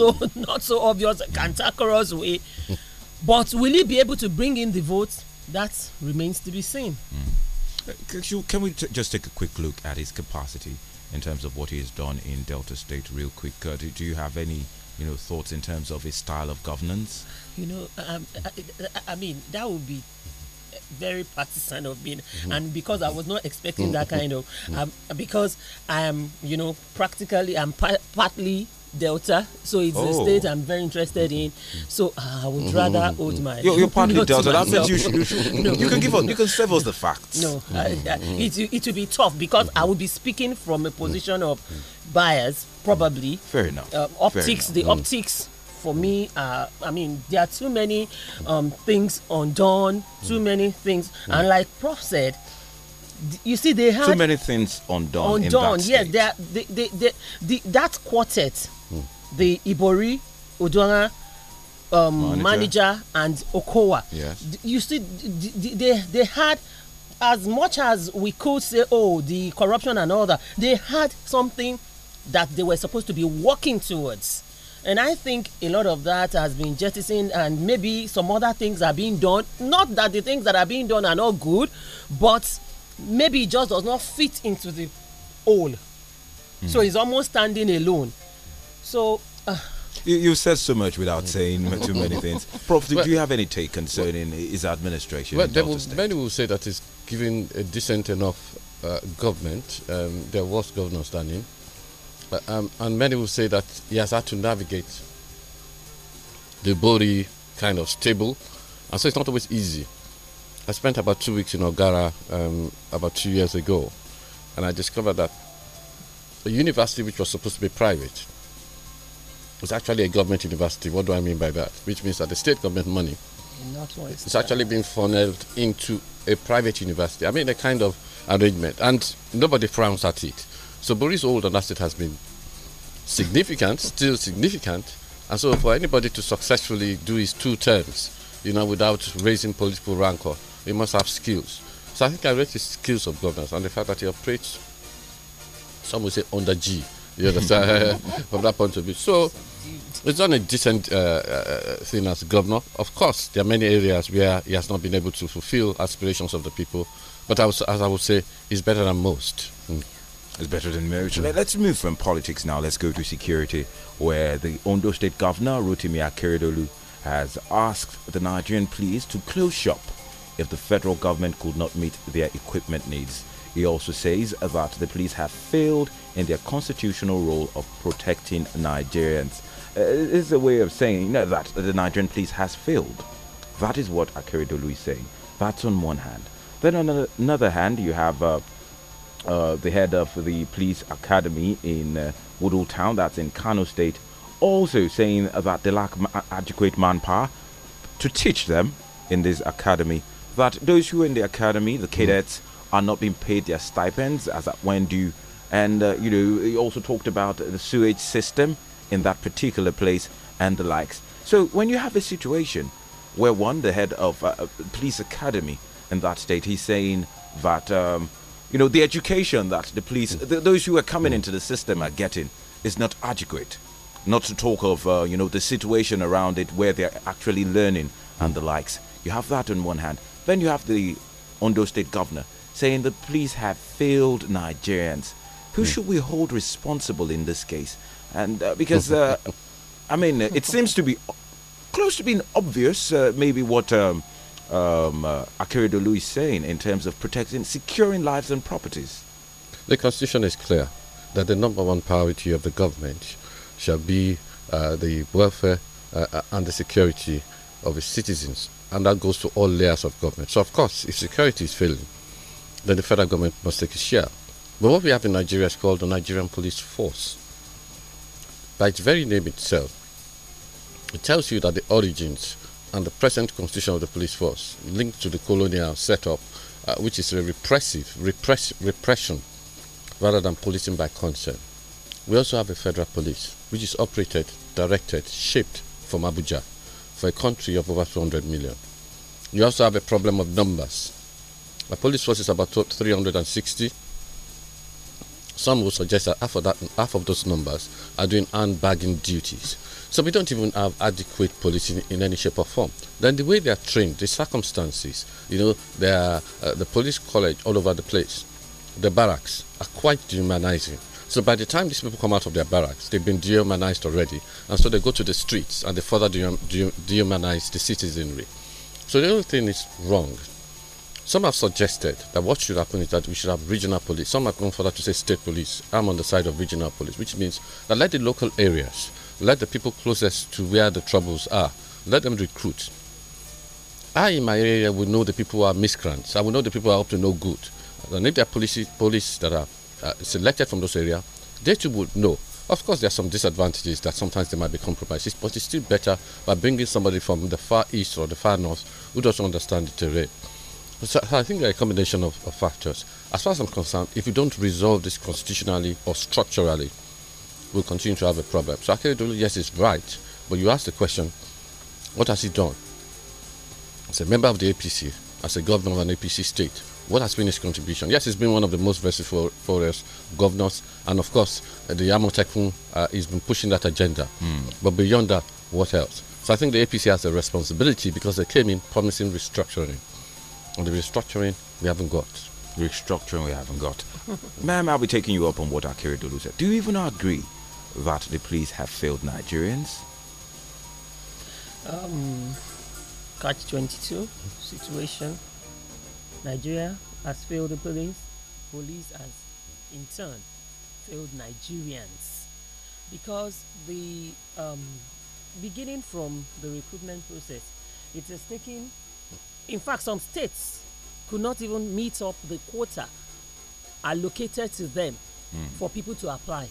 so not so obvious cantankerous way. but will he be able to bring in the votes? That remains to be seen. Mm. Uh, can we just take a quick look at his capacity in terms of what he has done in Delta State, real quick? Uh, do, do you have any? you know thoughts in terms of his style of governance you know uh, um, I, uh, I, mean that would be very partisan of me mm-hmm. and because i was not expecting that mm-hmm. kind of mm-hmm. um, because i am you know practically i'm partly Delta, so it's oh. a state I'm very interested in. So uh, I would mm -hmm. rather hold my. You're, you're partly Delta. That means you should. You, should, no. you can give us. You can serve us the facts. No, mm -hmm. it it will be tough because I will be speaking from a position of bias, probably. Fair enough. Uh, optics. Fair enough. The mm. optics for me uh, i mean there are too many um, things undone too mm. many things mm. and like prof said you see they had too many things undone undone yes they, they, they, they, that quartet the Ibori, Odona, um, manager. manager. and Okowa. Yes. You see, they, they had as much as we could say, oh, the corruption and all that, they had something that they were supposed to be working towards. And I think a lot of that has been jettisoned, and maybe some other things are being done. Not that the things that are being done are not good, but maybe it just does not fit into the whole. Mm. So hmm. it's almost standing alone. So. Uh, you, you said so much without saying too many things. Prof, do well, you have any take concerning well, his administration? Well, will, many will say that he's given a decent enough uh, government. Um, there was governors standing, uh, um, and many will say that he has had to navigate the body kind of stable. And so it's not always easy. I spent about two weeks in Ogara um, about two years ago, and I discovered that a university which was supposed to be private was actually a government university. What do I mean by that? Which means that the state government money it's actually being funneled into a private university. I mean, a kind of arrangement, and nobody frowns at it. So Boris Old on asset has been significant, still significant, and so for anybody to successfully do his two terms, you know, without raising political rancor, he must have skills. So I think I rate his skills of governance and the fact that he operates, some would say under G, you understand, from that point of view. So it's not a decent uh, uh, thing as governor. Of course, there are many areas where he has not been able to fulfill aspirations of the people, but I was, as I would say, he's better than most. Mm. better than most. Let's move from politics now. Let's go to security, where the Ondo State Governor Rotimi Akeredolu has asked the Nigerian police to close shop if the federal government could not meet their equipment needs. He also says that the police have failed in their constitutional role of protecting Nigerians uh, is a way of saying you know, that the Nigerian police has failed. That is what Akere Dolu is saying. That's on one hand. Then on another hand, you have uh, uh, the head of the police academy in uh, Woodall Town, that's in Kano State, also saying that they lack ma- adequate manpower to teach them in this academy. That those who are in the academy, the hmm. cadets, are not being paid their stipends as at when due. And, uh, you know, he also talked about the sewage system in that particular place and the likes. So when you have a situation where one, the head of a police academy in that state, he's saying that um, you know the education that the police, th those who are coming into the system are getting, is not adequate. Not to talk of uh, you know the situation around it where they're actually learning and the likes. You have that on one hand. Then you have the Ondo State governor saying the police have failed Nigerians. Who hmm. should we hold responsible in this case? and uh, because uh, I mean, uh, it seems to be close to being obvious, uh, maybe what um, um, uh, is saying in terms of protecting, securing lives and properties. The constitution is clear that the number one priority of the government shall be uh, the welfare and the security of its citizens, and that goes to all layers of government. So, of course, if security is failing, then the federal government must take a share. But what we have in Nigeria is called the Nigerian Police Force by its very name itself, it tells you that the origins and the present constitution of the police force linked to the colonial setup, uh, which is a repressive repress, repression rather than policing by consent. We also have a federal police, which is operated, directed, shaped from Abuja for a country of over 200 million. You also have a problem of numbers. The police force is about 360 some will suggest that half of, that, half of those numbers are doing handbagging duties. So we don't even have adequate policing in any shape or form. Then the way they are trained, the circumstances, you know, they are, uh, the police college all over the place, the barracks are quite dehumanizing. So by the time these people come out of their barracks, they've been dehumanized already, and so they go to the streets and they further dehumanize the citizenry. So the only thing is wrong some have suggested that what should happen is that we should have regional police. Some have gone further to say state police. I'm on the side of regional police, which means that let the local areas, let the people closest to where the troubles are, let them recruit. I, in my area, would know the people who are miscreants. I would know the people who are up to no good. And if there are police, police that are uh, selected from those areas, they too would know. Of course, there are some disadvantages that sometimes they might be compromises, but it's still better by bringing somebody from the far east or the far north who doesn't understand the terrain so I think there are a combination of, of, factors. As far as I'm concerned, if we don't resolve this constitutionally or structurally, we'll continue to have a problem. So Akeredolu, yes, is right, but you ask the question, what has he done? As a member of the APC, as a governor of an APC state, what has been his contribution? Yes, he's been one of the most vociferous governors, and of course, uh, the Yamotekun uh, has been pushing that agenda. Mm. But beyond that, what else? So I think the APC has a responsibility because they came in promising restructuring. And the restructuring, we haven't got. The restructuring, we haven't got. Ma'am, I'll be taking you up on what Akira Dulu said. Do you even agree that the police have failed Nigerians? Um, catch 22 situation. Nigeria has failed the police. Police has, in turn, failed Nigerians. Because the um, beginning from the recruitment process, it has taken in fact, some states could not even meet up the quota allocated to them mm. for people to apply.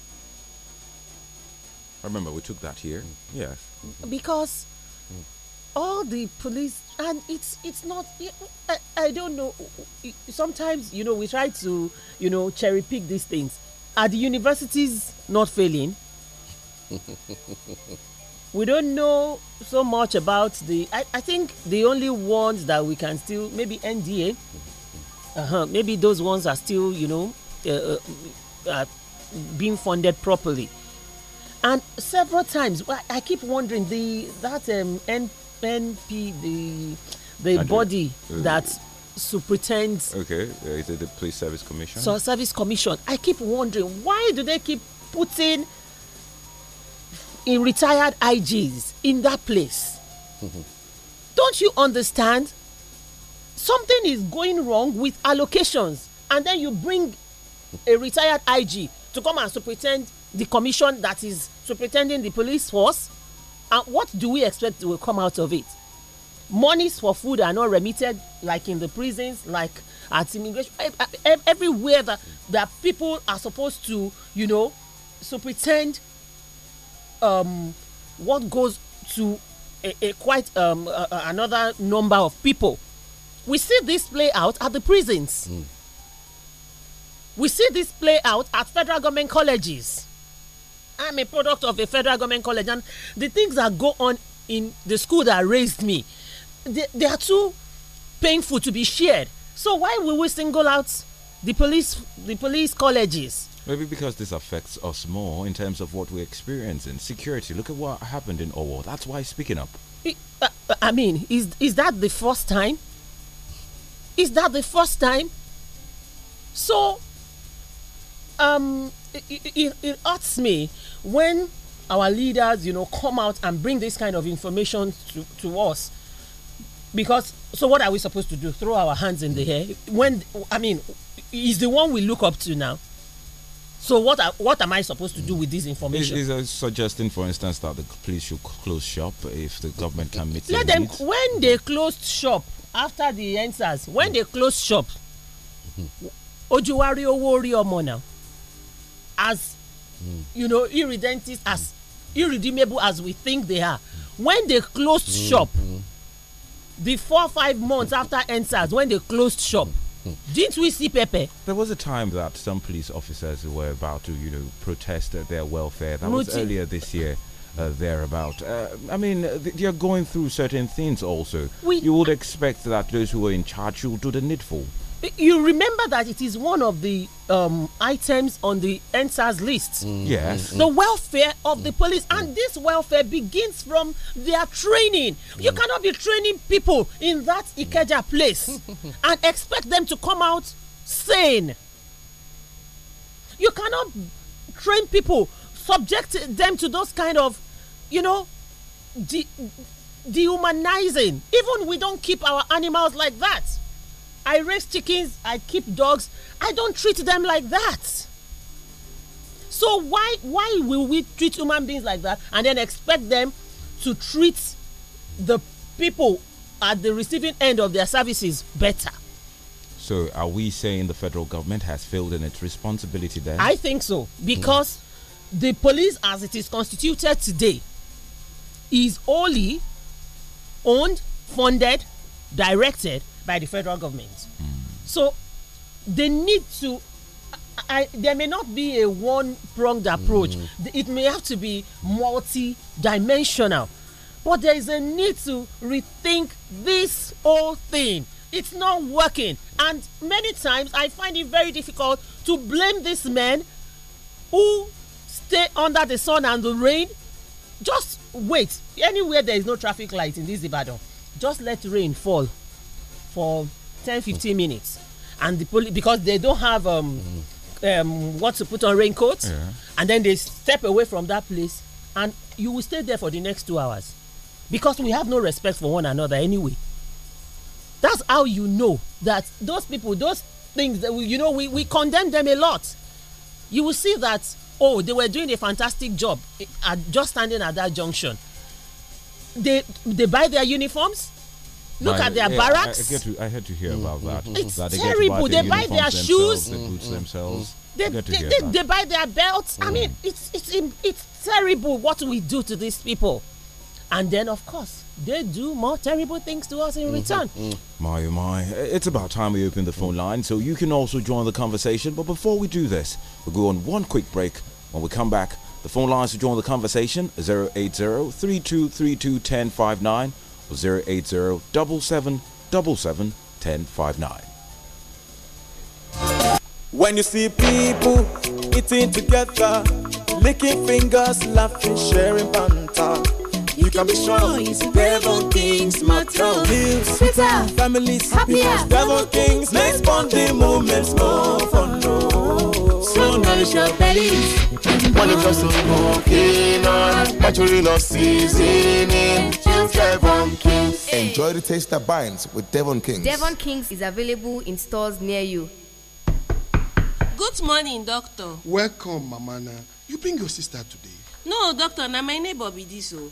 I remember we took that here. Mm. Yes. Because mm. all the police and it's it's not I, I don't know sometimes you know we try to you know cherry pick these things. Are the universities not failing? we don't know so much about the. I, I think the only ones that we can still maybe NDA. Uh -huh, maybe those ones are still you know uh, uh, being funded properly. And several times I, I keep wondering the that um, NP the the body mm. that superintends. Okay, uh, is it the Police Service Commission? So Service Commission. I keep wondering why do they keep putting in retired IGs in that place. Mm-hmm. Don't you understand? Something is going wrong with allocations, and then you bring a retired IG to come and superintend the commission that is superintending the police force. And what do we expect will come out of it? Monies for food are not remitted, like in the prisons, like at immigration, everywhere that, that people are supposed to, you know, superintend um, what goes to a, a quite um, a, another number of people. We see this play out at the prisons. Mm. We see this play out at federal government colleges. I'm a product of a federal government college, and the things that go on in the school that raised me, they, they are too painful to be shared. So why will we single out the police, the police colleges? Maybe because this affects us more in terms of what we experience in security. Look at what happened in Owo. That's why speaking up. Uh, I mean, is is that the first time? Is that the first time? So, um, it, it, it hurts me when our leaders, you know, come out and bring this kind of information to, to us. Because, so what are we supposed to do? Throw our hands in the air? When, I mean, is the one we look up to now. So what are, what am I supposed to do with this information? Is, is suggesting, for instance, that the police should close shop if the government can meet. Let them needs? when they closed shop after the answers. When they closed shop, mm-hmm. Ojuwari Owori Omona, as mm. you know, irredentist as irredeemable as we think they are. When they closed shop, the mm-hmm. four five months after answers, when they closed shop. Didn't we see Pepe? There was a time that some police officers were about to, you know, protest their welfare. That Muti. was earlier this year. Uh, thereabout. Uh, I mean, uh, they are going through certain things also. We you would expect that those who are in charge will do the needful you remember that it is one of the um, items on the NSAS list. Mm, yes. Mm, mm, mm. The welfare of the police. Mm, and this welfare begins from their training. Mm. You cannot be training people in that Ikeja place and expect them to come out sane. You cannot train people, subject them to those kind of, you know, de dehumanizing. Even we don't keep our animals like that I raise chickens, I keep dogs. I don't treat them like that. So why why will we treat human beings like that and then expect them to treat the people at the receiving end of their services better? So are we saying the federal government has failed in its responsibility there? I think so because the police as it is constituted today is only owned, funded, directed by the federal government. Mm. So they need to. I, there may not be a one-pronged approach. Mm. It may have to be multi-dimensional. But there is a need to rethink this whole thing. It's not working, and many times I find it very difficult to blame these men who stay under the sun and the rain. Just wait. Anywhere there is no traffic light in this Ibadan, just let rain fall for 10 15 minutes and the police because they don't have um, um, what to put on raincoats yeah. and then they step away from that place and you will stay there for the next two hours because we have no respect for one another anyway that's how you know that those people those things that we, you know we, we condemn them a lot you will see that oh they were doing a fantastic job eh, at just standing at that junction they they buy their uniforms Look at their yeah, barracks. I, I, to, I, had to hear about that. Mm-hmm. It's that they terrible. They, buy their shoes. They boots mm-hmm. themselves. They, they, they, they, buy their belts. I mm. mean, it's, it's, it's terrible what we do to these people. And then, of course, they do more terrible things to us in mm -hmm. return. Mm. My, oh my. It's about time we open the phone mm. line so you can also join the conversation. But before we do this, we'll go on one quick break. When we come back, the phone lines to join the conversation 080 3232 1059 080 77 1059. When you see people eating together, licking fingers, laughing, sharing banter. You, can, can be strong. Devil Kings, matter. Live sweeter, families happier. Devil Kings, makes bonding moments more fun. No. So nourish your bellies. When it comes to smoking on, naturally not seasoning. Devon Kings. Enjoy the taste that binds with Devon Kings. Devon Kings is available in stores near you. Good morning, doctor. Welcome, Mamana. You bring your sister today. No, doctor, na my neighbor be this Oh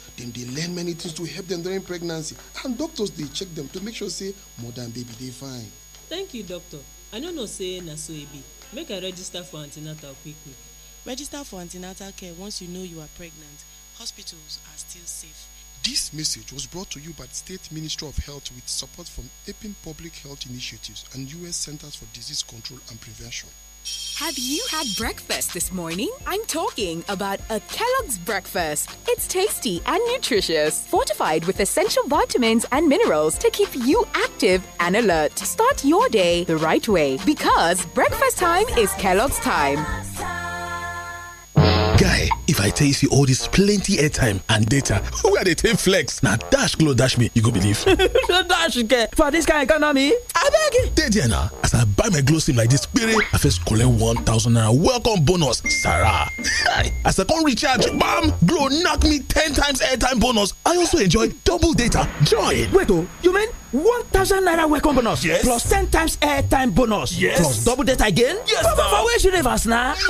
dem dey learn many things to help dem during pregnancy and doctors dey check dem to make sure say mother and baby dey fine. thank you doctor i no know say na so e be make i register for an ten atal quick quick. register for an ten atal care once you know you are pregnant hospitals are still safe. This message was brought to you by the State Ministry of Health with support from APIN Public Health Initiatives and U.S. Centers for Disease Control and Prevention. Have you had breakfast this morning? I'm talking about a Kellogg's breakfast. It's tasty and nutritious, fortified with essential vitamins and minerals to keep you active and alert. Start your day the right way because breakfast time is Kellogg's time. Guy, if I tell you all this plenty airtime and data, who are they take flex? Now dash glow dash me, you go believe. dash for this guy economy. shege dey there na as i buy my glow sim like this kpere i first collect one thousand naira welcome bonus sarah as i come recharge bam glow knock me ten times airtime bonus i also enjoy double data join wait oh, you mean one thousand naira welcome bonus yes plus ten times airtime bonus yes plus double data again yes come over which universe na.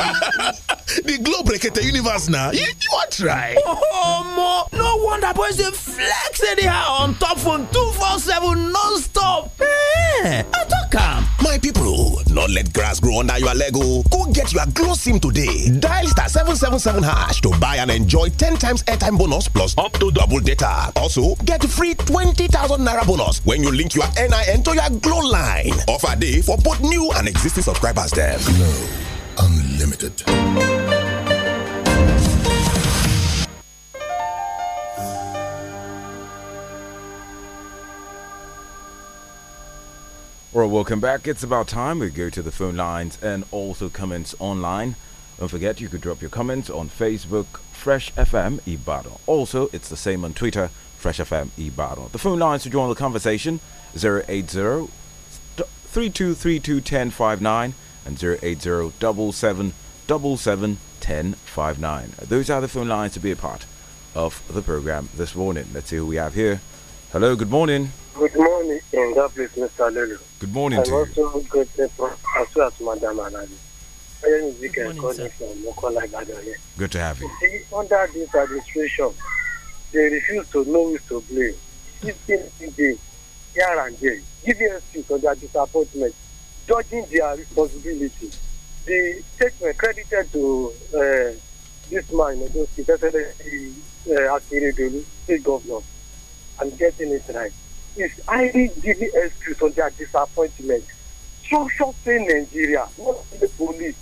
the globe rekete universe na you, you wan try. omo oh, no wonder boys dey flex anyhow on top phone two four seven non-stop. Hey, eh, i talk am. my people no let grass grow under your leg o oh. go get your glow sim today dial star seven seven seven hash to buy and enjoy ten times airtime bonus plus up to double data also get free twenty thousand naira bonus. when you link your NIN to your Glow line. Offer day for both new and existing subscribers There, Glow Unlimited. All right, welcome back. It's about time we go to the phone lines and also comments online. Don't forget, you could drop your comments on Facebook, Fresh FM Ibado. Also, it's the same on Twitter, Fresh FM e Ibadan. The phone lines to join the conversation 080 3232 and 080 1059. Those are the phone lines to be a part of the program this morning. Let's see who we have here. Hello, good morning. Good morning, and God bless Mr. Lulu. Good morning and to also you. good as well as Madam Alabi. Good morning, sir. Good to have you. See, under this administration, they refuse to know who to blame. Giving them here and there, giving excuse on their disappointment, dodging their responsibility. The statement credited to uh, this man, Odoski, definitely uh, Akiridolu, state governor, and getting it right, is highly giving excuse on their disappointment. Structure failed Nigeria, not the police.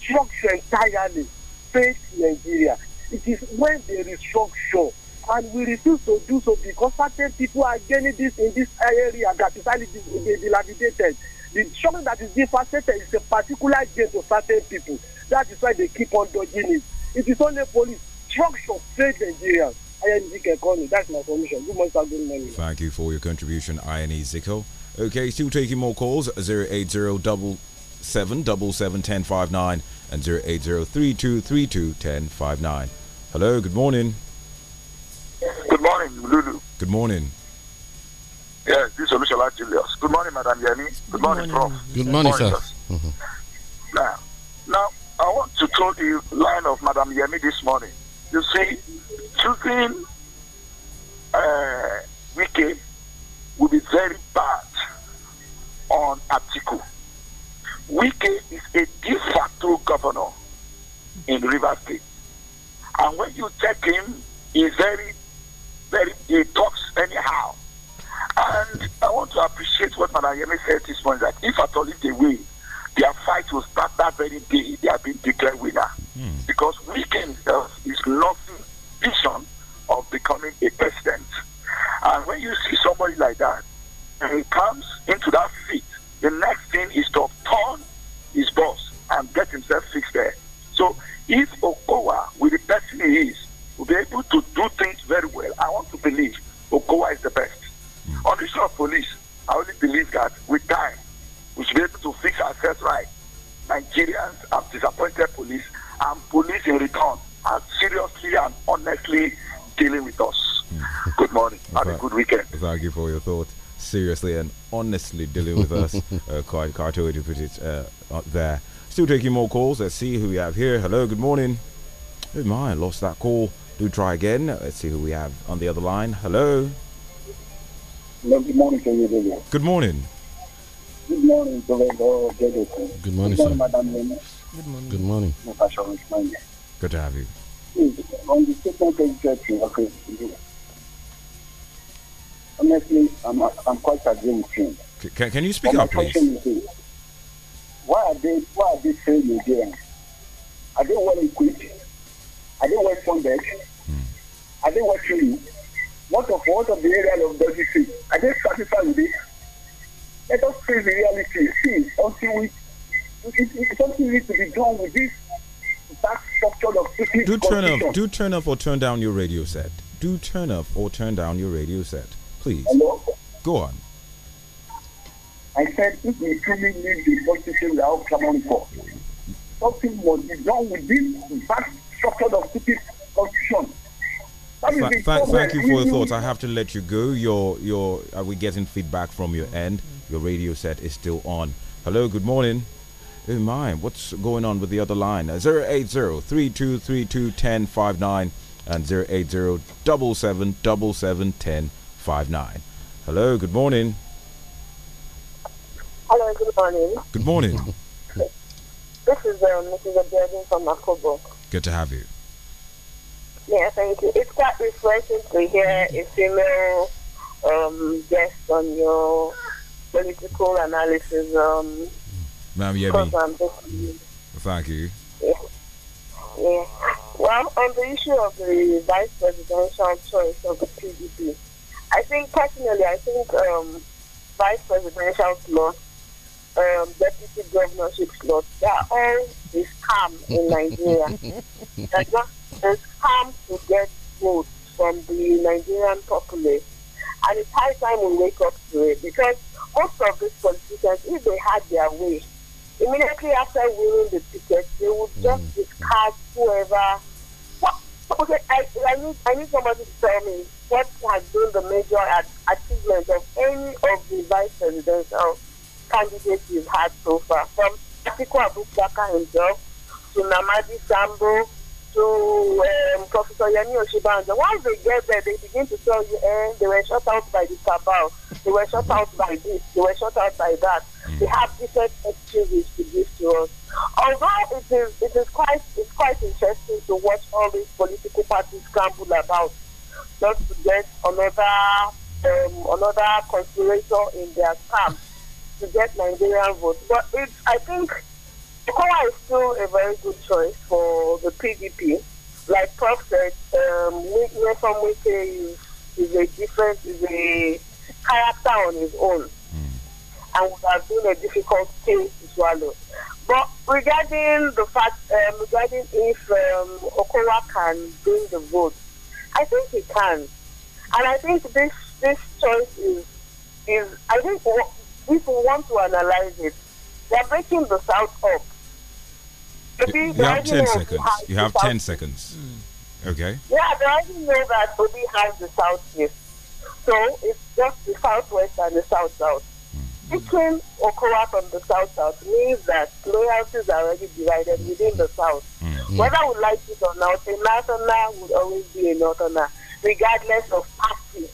Structure entirely Fake Nigeria. It is when they restructure and we refuse to do so because certain people are getting this in this area that is highly eh, dilapidated. The shopping that is devastated is a particular gain to certain people. That is why they keep on dodging it. It is only police structure failed Nigerians. INE can call me. That's my solution. Good Thank you for your contribution, INE Zico. Okay, still taking more calls 080 seven double seven ten five nine and zero eight zero three two three two ten five nine. Hello, good morning. Lulu. Good morning. Yes, this is Olusola Julius. Good morning, Madam Yemi. Good morning, Prof. Good morning, sir. Mm -hmm. Now, now, I want to throw the line of Madam Yemi this morning. You see, choosing uh, Wiki will be very bad on Atiku. Wiki is a de facto governor in River State. And when you check him, he's very very he talks anyhow. And I want to appreciate what Madam Yemi said this morning that if at all if they win, their fight will start that very day they have been declared winner. Mm. Because weekend is losing vision of becoming a president. And when you see somebody like that, and he comes into that seat, the next thing is to turn his boss and get himself fixed there. So if Okowa, with the person he is, will be able to do things very well. I want to believe Okowa is the best. Hmm. On the issue of police, I only believe that with time, we should be able to fix ourselves right. Nigerians have disappointed police, and police in return are seriously and honestly dealing with us. Hmm. Good morning. Have a good weekend. Thank you for your thoughts seriously and honestly dealing with us. Uh, quite, quite way to put it uh, there. Still taking more calls. Let's see who we have here. Hello, good morning. Oh my, I lost that call do try again. Let's see who we have on the other line. Hello. Hello good morning to you, David. Good morning. Good morning, Toledo. Good morning, sir. Good morning. Good morning. Good to have you. Honestly, I'm, I'm quite agreeing with Can, can you speak and up, please? Is, why are they why are they failing again? Are they well equipped? Are they well funded? didn't they watching you? What of what of the area of Dodgy Street? Are they satisfied with this? Let us face the reality. See, until we, something needs to be done with this back structure of Do turn off, do turn off or turn down your radio set. Do turn off or turn down your radio set, please. Hello? Go on. I said, if we truly need the politician without clamoring for, something must be done with this back structure of stupid constitution thank you for your thoughts. I have to let you go. Your your are we getting feedback from your end? Mm. Your radio set is still on. Hello, good morning. Oh my, what's going on with the other line? Zero eight zero three two three two ten five nine and zero eight zero double seven double seven ten five nine. Hello, good morning. Hello, good morning. Good morning. this is um, Mrs. Aberdeen from Akobo. Good to have you. Yeah, thank you. It's quite refreshing to hear a female um, guest on your political analysis. Um, Ma'am Yemi. Thank you. Yeah. yeah. Well, on the issue of the vice presidential choice of the PDP, I think personally, I think um, vice presidential slot, um, deputy governorship slot, they are all this scam in Nigeria. That's not it's time to get votes from the Nigerian populace. And it's high time we wake up to it because most of these politicians, if they had their way, immediately after winning the ticket, they would just discard mm. whoever. okay, I, I, need, I need somebody to tell me what has been the major achievement of any of the vice presidential candidates we've had so far, from Atiku Abubakar himself to Namadi Sambo to um, Professor Yemi Oshibanza. Once they get there, they begin to tell you, eh, they were shot out by the cabal, they were shot out by this, they were shot out by that. Hmm. They have different excuses to give to us. Although it is, it is quite, it's quite interesting to watch all these political parties scramble about, not to get another, um, another conspirator in their camp to get Nigerian votes. But it's, I think Kowa is still a very good choice for the PDP. Like Prof said, um, Nelson is, is a different, is a character on his own hmm. and would have been a difficult case to swallow. But regarding the fact, um, regarding if um, Okowa can bring the vote, I think he can, and I think this this choice is is I think if we want to analyze it, they are breaking the South up you, you have 10 seconds. You have 10 seconds. Okay. Yeah, the argument know that Obi has the southeast. So it's just the southwest and the south south. Picking hmm. Okowa from the south south means that loyalties are already divided within the south. Mm. Whether we like it or not, a northerner would always be a northerner, regardless of party.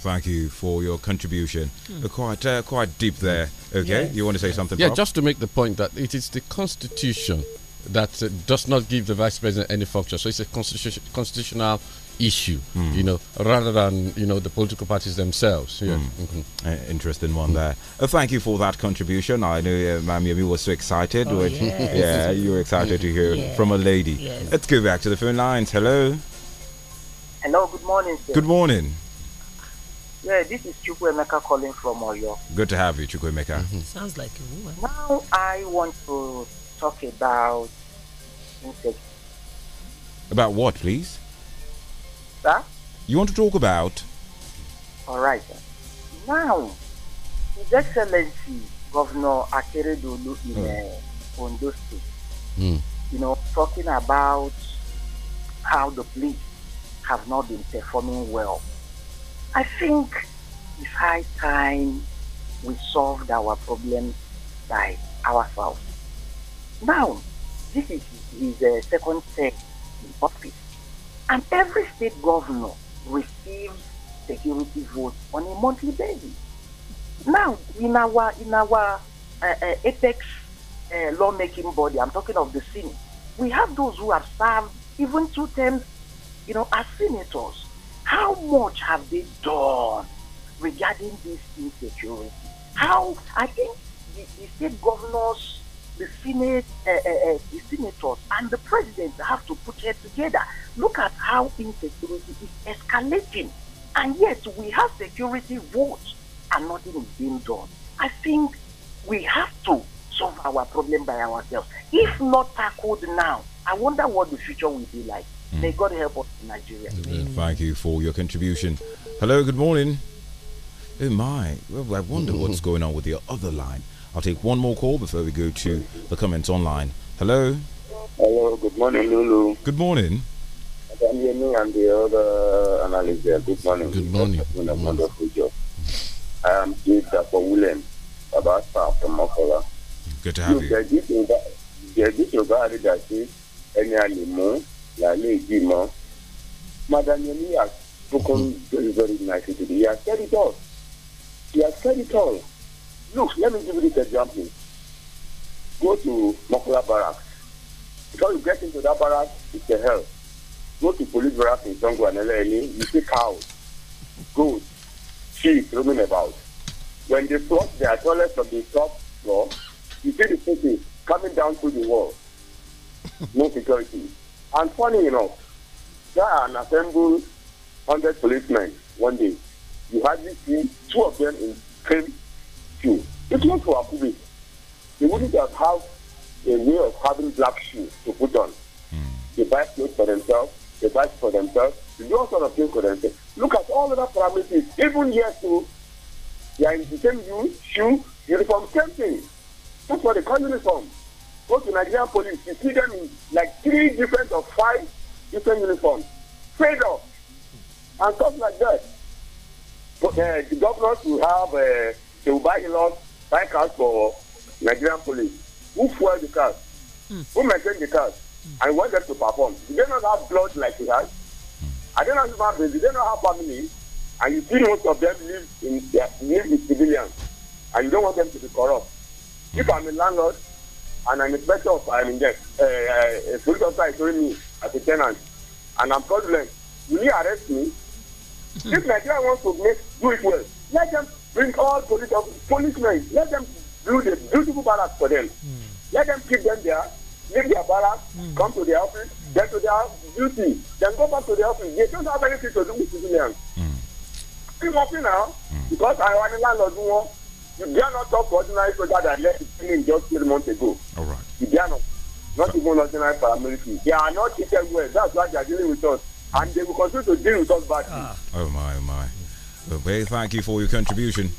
Thank you for your contribution. Mm. Quite, uh, quite deep there. Okay, yes. you want to say something? Yeah, Bob? just to make the point that it is the Constitution that uh, does not give the Vice President any function. So it's a constitution, constitutional issue, mm. you know, rather than you know the political parties themselves. Yeah. Mm. Mm -hmm. uh, interesting one there. Uh, thank you for that contribution. I know uh, Ma'am Yemi was so excited. Oh, yes. yeah, you were excited to hear yeah. from a lady. Yes. Let's go back to the phone lines. Hello. Hello. Good morning. Sir. Good morning. Yeah, this is Chukwemeka calling from Oyo. Good to have you, Chukwemeka. Mm -hmm. Sounds like a woman. Now I want to talk about insects. About what, please? Sir? You want to talk about? All right. Now, His Excellency Governor Akeredolu in mm. uh, Ondo State, mm. you know, talking about how the police have not been performing well I think it's high time we solved our problems by ourselves. Now, this is his uh, second term in office, and every state governor receives security votes on a monthly basis. Now, in our in our uh, uh, apex uh, lawmaking body, I'm talking of the Senate, we have those who have served even two terms, you know, as senators. How much have they done regarding this insecurity? How I think the, the state governors, the senate, uh, uh, the senators, and the president have to put it together. Look at how insecurity is escalating, and yet we have security votes, and nothing is being done. I think we have to solve our problem by ourselves. If not tackled now, I wonder what the future will be like. Mm. May God help us in Nigeria. Amen. Thank you for your contribution. Hello, good morning. Oh my, well, I wonder what's going on with the other line. I'll take one more call before we go to the comments online. Hello. Hello, good morning, Lulu. Good morning. Daniel and the other analyst there. Good morning. Good morning. Good morning. Wonderful job. I am Peter from William, about far from Mokola. Good to have you. you. There's this regard that is any animal ilé ìgbìmọ̀ Madam Yemi has spoken very very nicely me. he has said it all he has said it all look let me give you this example go to Mokola barracks before you get into that barracks it's a hell go to police barracks in Zongo and Eleni you see cows goats sheep roaming about when they flush their toilet from the top floor you see the people coming down through the wall no security and funny enough, there are an assembled 100 policemen one day. You hardly see two of them in same shoe. It's not for Akube. They wouldn't have had a way of having black shoes to put on. Hmm. They buy clothes for themselves, they buy for themselves, they do all sorts of things for themselves. Look at all other parameters. Even here too, they are in the same shoe, uniform, same thing. That's what they call uniform go to Nigerian police, you see them in like three different or five different uniforms, fade off, and stuff like that. But, uh, the governors will have, uh, they will buy a lot buy cars for Nigerian police. Who fuel the cars? Mm. Who maintain the cars? Mm. And want them to perform. Do not have blood like we have? I don't have human beings. Do not have families? And you see most of them live in, live the civilians. And you don't want them to be corrupt. If hmm. I'm a landlord, and I'm inspector of I mean, yes, uh, uh, a police officer is showing me as a tenant, and I'm fraudulent. Will you arrest me? Mm. If Nigeria wants to make do it well, let them bring all police policemen. Let them do the beautiful barracks for them. Mm. Let them keep them there, leave their barracks, mm. come to the office, get to their duty, then go back to the office. They don't have anything to do with civilians. Mm. Keep working now, hmm. because I want to landlord who they are not top ordinary soldiers that left the training just three months ago. All right. They are not. Not even ordinary paramilitary. They are not treated well. That's why they are dealing with us. And they will continue to deal with us badly. Ah. Oh, my, oh, my. Okay, thank you for your contribution.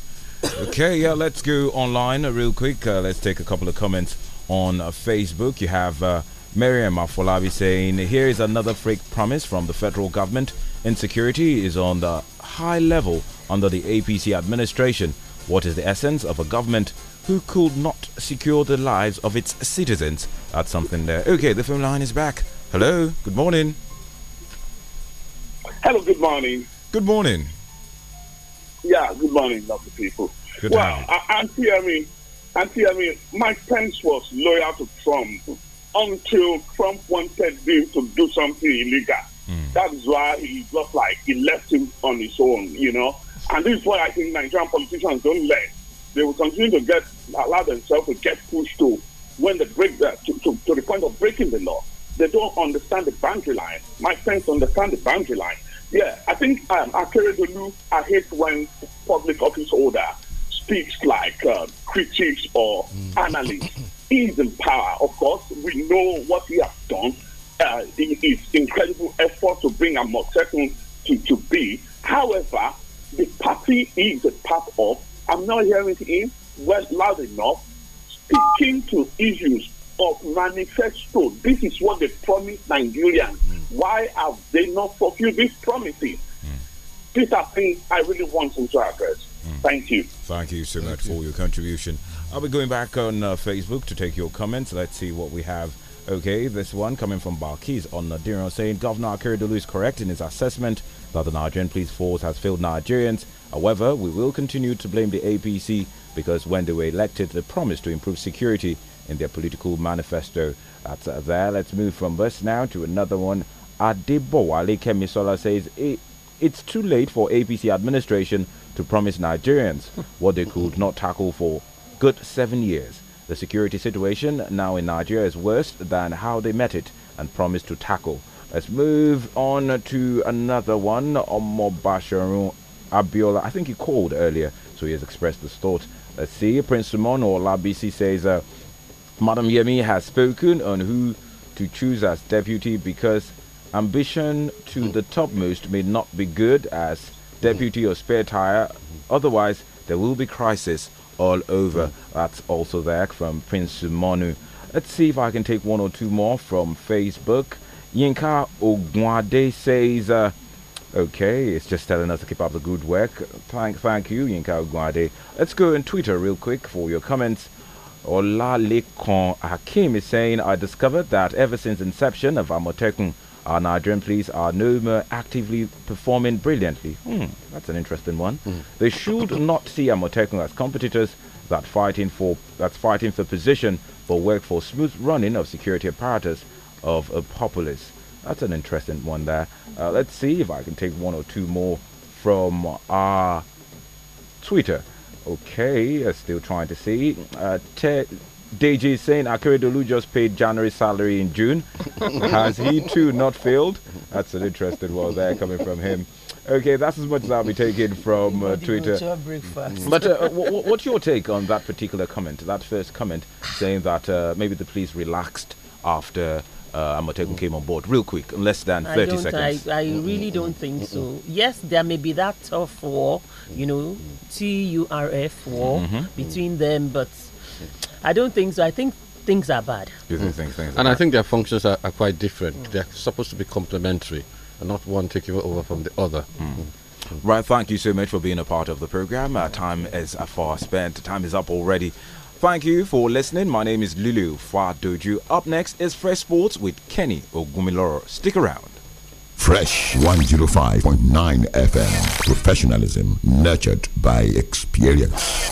okay, yeah, let's go online real quick. Uh, let's take a couple of comments on uh, Facebook. You have uh, Miriam Afolabi saying, Here is another fake promise from the federal government. Insecurity is on the high level under the APC administration. What is the essence of a government who could not secure the lives of its citizens? That's something there. Okay, the phone line is back. Hello, good morning. Hello, good morning. Good morning. Yeah, good morning, lovely people. Good well, morning. I, Auntie, I mean, Auntie, I mean, Mike Pence was loyal to Trump until Trump wanted him to do something illegal. Mm. That is why he just like he left him on his own, you know. And this is why I think Nigerian politicians don't learn. They will continue to get allow themselves to get pushed to when they break the, to, to, to the point of breaking the law. They don't understand the boundary line. My friends understand the boundary line. Yeah, I think um, Akeredolu, I hate when public office holder speaks like uh, critics or mm. analysts. He's in power, of course. We know what he has done uh, his incredible effort to bring certain to, to be. However, the party is a part of. I'm not hearing him well loud enough speaking to issues of manifesto. This is what they promised Nigerians. Mm. Why have they not fulfilled these promises? Mm. These are things I really want to address. Mm. Thank you. Thank you so Thank much you. for your contribution. I'll be going back on uh, Facebook to take your comments. Let's see what we have Okay, this one coming from Barkis on Nadiro saying Governor Akeredolu is correct in his assessment that the Nigerian police force has failed Nigerians. However, we will continue to blame the APC because when they were elected, they promised to improve security in their political manifesto. That's uh, there. Let's move from this now to another one. Adebowale Kemisola says it, it's too late for APC administration to promise Nigerians what they could not tackle for good seven years. The security situation now in Nigeria is worse than how they met it and promised to tackle. Let's move on to another one. Omobasharu Abiola, I think he called earlier, so he has expressed this thought. Let's see, Prince Simon or Labisi says, uh, Madam Yemi has spoken on who to choose as deputy because ambition to the topmost may not be good as deputy or spare tire. Otherwise, there will be crisis all over. That's also there from Prince Monu. Let's see if I can take one or two more from Facebook. Yinka Ogwade says, uh, okay, it's just telling us to keep up the good work. Thank, thank you, Yinka Ogwade. Let's go on Twitter real quick for your comments. Ola Lekon Hakim is saying, I discovered that ever since inception of Amotekun, our Nigerian police are no more actively performing brilliantly. Hmm, that's an interesting one. Hmm. They should not see Amotekun as competitors that fighting for that's fighting for position, but work for smooth running of security apparatus of a populace. That's an interesting one there. Uh, let's see if I can take one or two more from our Twitter. Okay, uh, still trying to see. Uh, DJ saying Akere Dolu just paid January salary in June. Has he too not failed? That's an interesting one there coming from him. Okay, that's as much as I'll be taking from uh, Twitter. But uh, what's your take on that particular comment, that first comment, saying that uh, maybe the police relaxed after uh, mm. came on board real quick, less than 30 I seconds. I, I really don't think so. Yes, there may be that tough war, you know, TURF war mm -hmm. between them, but I don't think so. I think things are bad. You think mm. things, things and bad. I think their functions are, are quite different. Mm. They're supposed to be complementary and not one taking over from the other. Mm. Right, thank you so much for being a part of the program. Our uh, time is far spent. Time is up already. Thank you for listening. My name is Lulu Fadoju. Up next is Fresh Sports with Kenny Ogumiloro. Stick around. Fresh 105.9 FM. Professionalism nurtured by experience.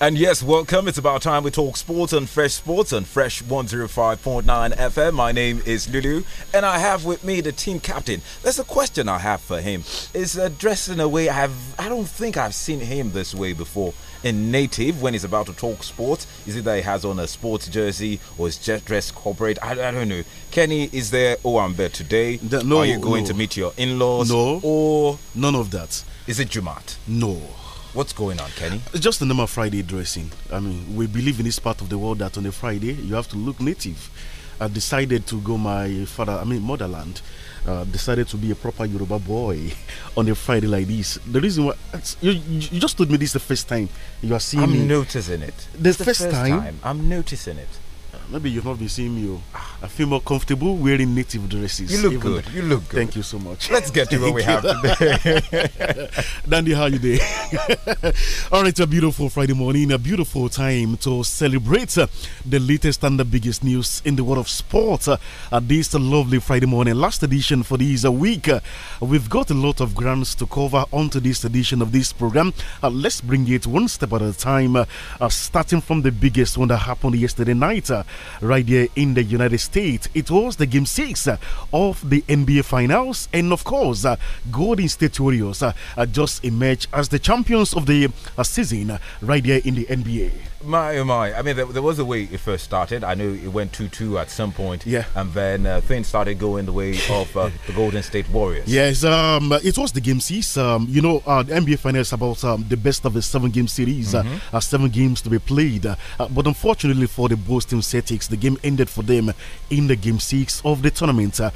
And yes, welcome. It's about time we talk sports and fresh sports and fresh 105.9 FM. My name is Lulu, and I have with me the team captain. There's a question I have for him. It's addressed in a way I have I don't think I've seen him this way before. In native, when he's about to talk sports, is it that he has on a sports jersey or is just dressed corporate? I, I don't know. Kenny, is there Owambe oh, today? The, no, Are you going no. to meet your in-laws? No, or none of that. Is it Jumat? No. What's going on, Kenny? It's just the normal Friday dressing. I mean, we believe in this part of the world that on a Friday you have to look native. I decided to go my father, I mean, motherland. Uh, decided to be a proper Yoruba boy on a Friday like this. The reason why you, you just told me this the first time you are seeing. I'm me. noticing it. The, the first, first time, time I'm noticing it maybe you've not been seeing me. Oh. I feel more comfortable wearing native dresses. You look good. Though. You look good. Thank you so much. Let's get to what we have today. Dandy, how you doing? All right, a beautiful Friday morning, a beautiful time to celebrate uh, the latest and the biggest news in the world of sport uh, at this lovely Friday morning. Last edition for this uh, week. we've got a lot of grounds to cover onto this edition of this program. let's bring it one step at a time, starting from the biggest one that happened yesterday night right here in the United States. It was the game six of the NBA Finals, and of course, uh, Golden State Warriors uh, uh, just emerged as the champions of the season right here in the NBA. My, oh my. I mean, there, there, was a way it first started. I know it went 2 2 at some point. Yeah. And then uh, things started going the way of uh, the Golden State Warriors. Yes. Um, it was the game six. Um, you know, uh, the NBA Finals about um, the best of the seven game series, mm -hmm. uh, seven games to be played. Uh, but unfortunately for the Boston Celtics, the game ended for them in the game six of the tournament. Uh,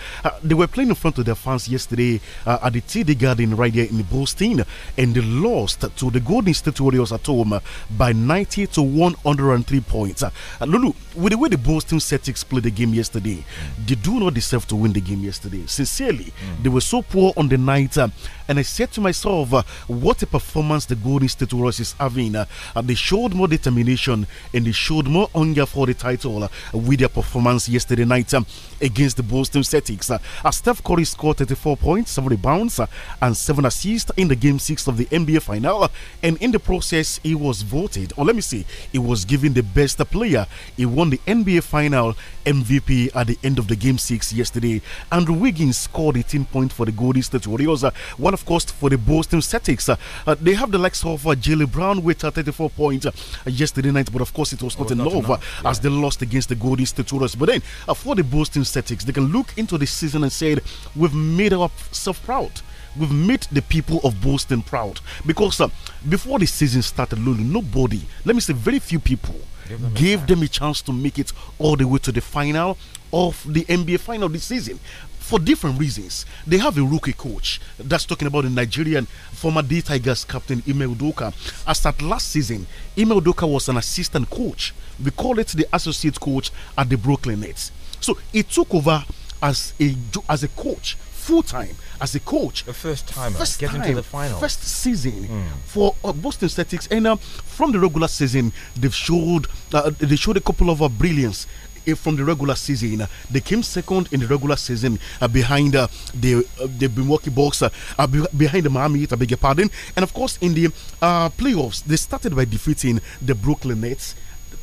they were playing in front of their fans yesterday at the TD Garden right here in Boston, and they lost to the Golden State Warriors at home by 90 to 103 points. Uh, Lulu, with the way the Boston Celtics played the game yesterday, mm. they do not deserve to win the game yesterday. Sincerely, mm. they were so poor on the night. Uh, and I said to myself, uh, what a performance the Golden State Warriors is having. Uh, they showed more determination and they showed more hunger for the title uh, with their performance yesterday night um, against the Boston Celtics. Uh, Steph Curry scored 34 points, 7 rebounds, uh, and 7 assists in the game 6 of the NBA final. and in the process, he was voted, or let me see, he was given the best player. He won the NBA final MVP at the end of the game six yesterday. Andrew Wiggins scored 18 points for the Golden State Warriors, uh, one of course for the Boston Celtics. Uh, uh, they have the likes of uh, Jalen Brown with 34 points yesterday night, but of course it was not, oh, enough, not enough. Yeah. as they lost against the Golden State Warriors. But then for the Boston Celtics, they can look into the season and say, We've made ourselves proud we've made the people of Boston proud because uh, before the season started, Lulu, nobody, let me say, very few people gave, them, gave a them a chance to make it all the way to the final of the NBA final this season for different reasons. They have a rookie coach that's talking about the Nigerian former D Tigers captain Ime Udoka. As at last season, Ime Udoka was an assistant coach. We call it the associate coach at the Brooklyn Nets. So he took over as a as a coach full time as a coach. The first time, first getting time, to the final, first season mm. for uh, Boston Celtics, and um, from the regular season, they've showed uh, they showed a couple of uh, brilliance eh, from the regular season. They came second in the regular season uh, behind uh, the uh, the Milwaukee Bucks, uh, uh, be behind the Miami Heat. I beg your pardon. And of course, in the uh, playoffs, they started by defeating the Brooklyn Nets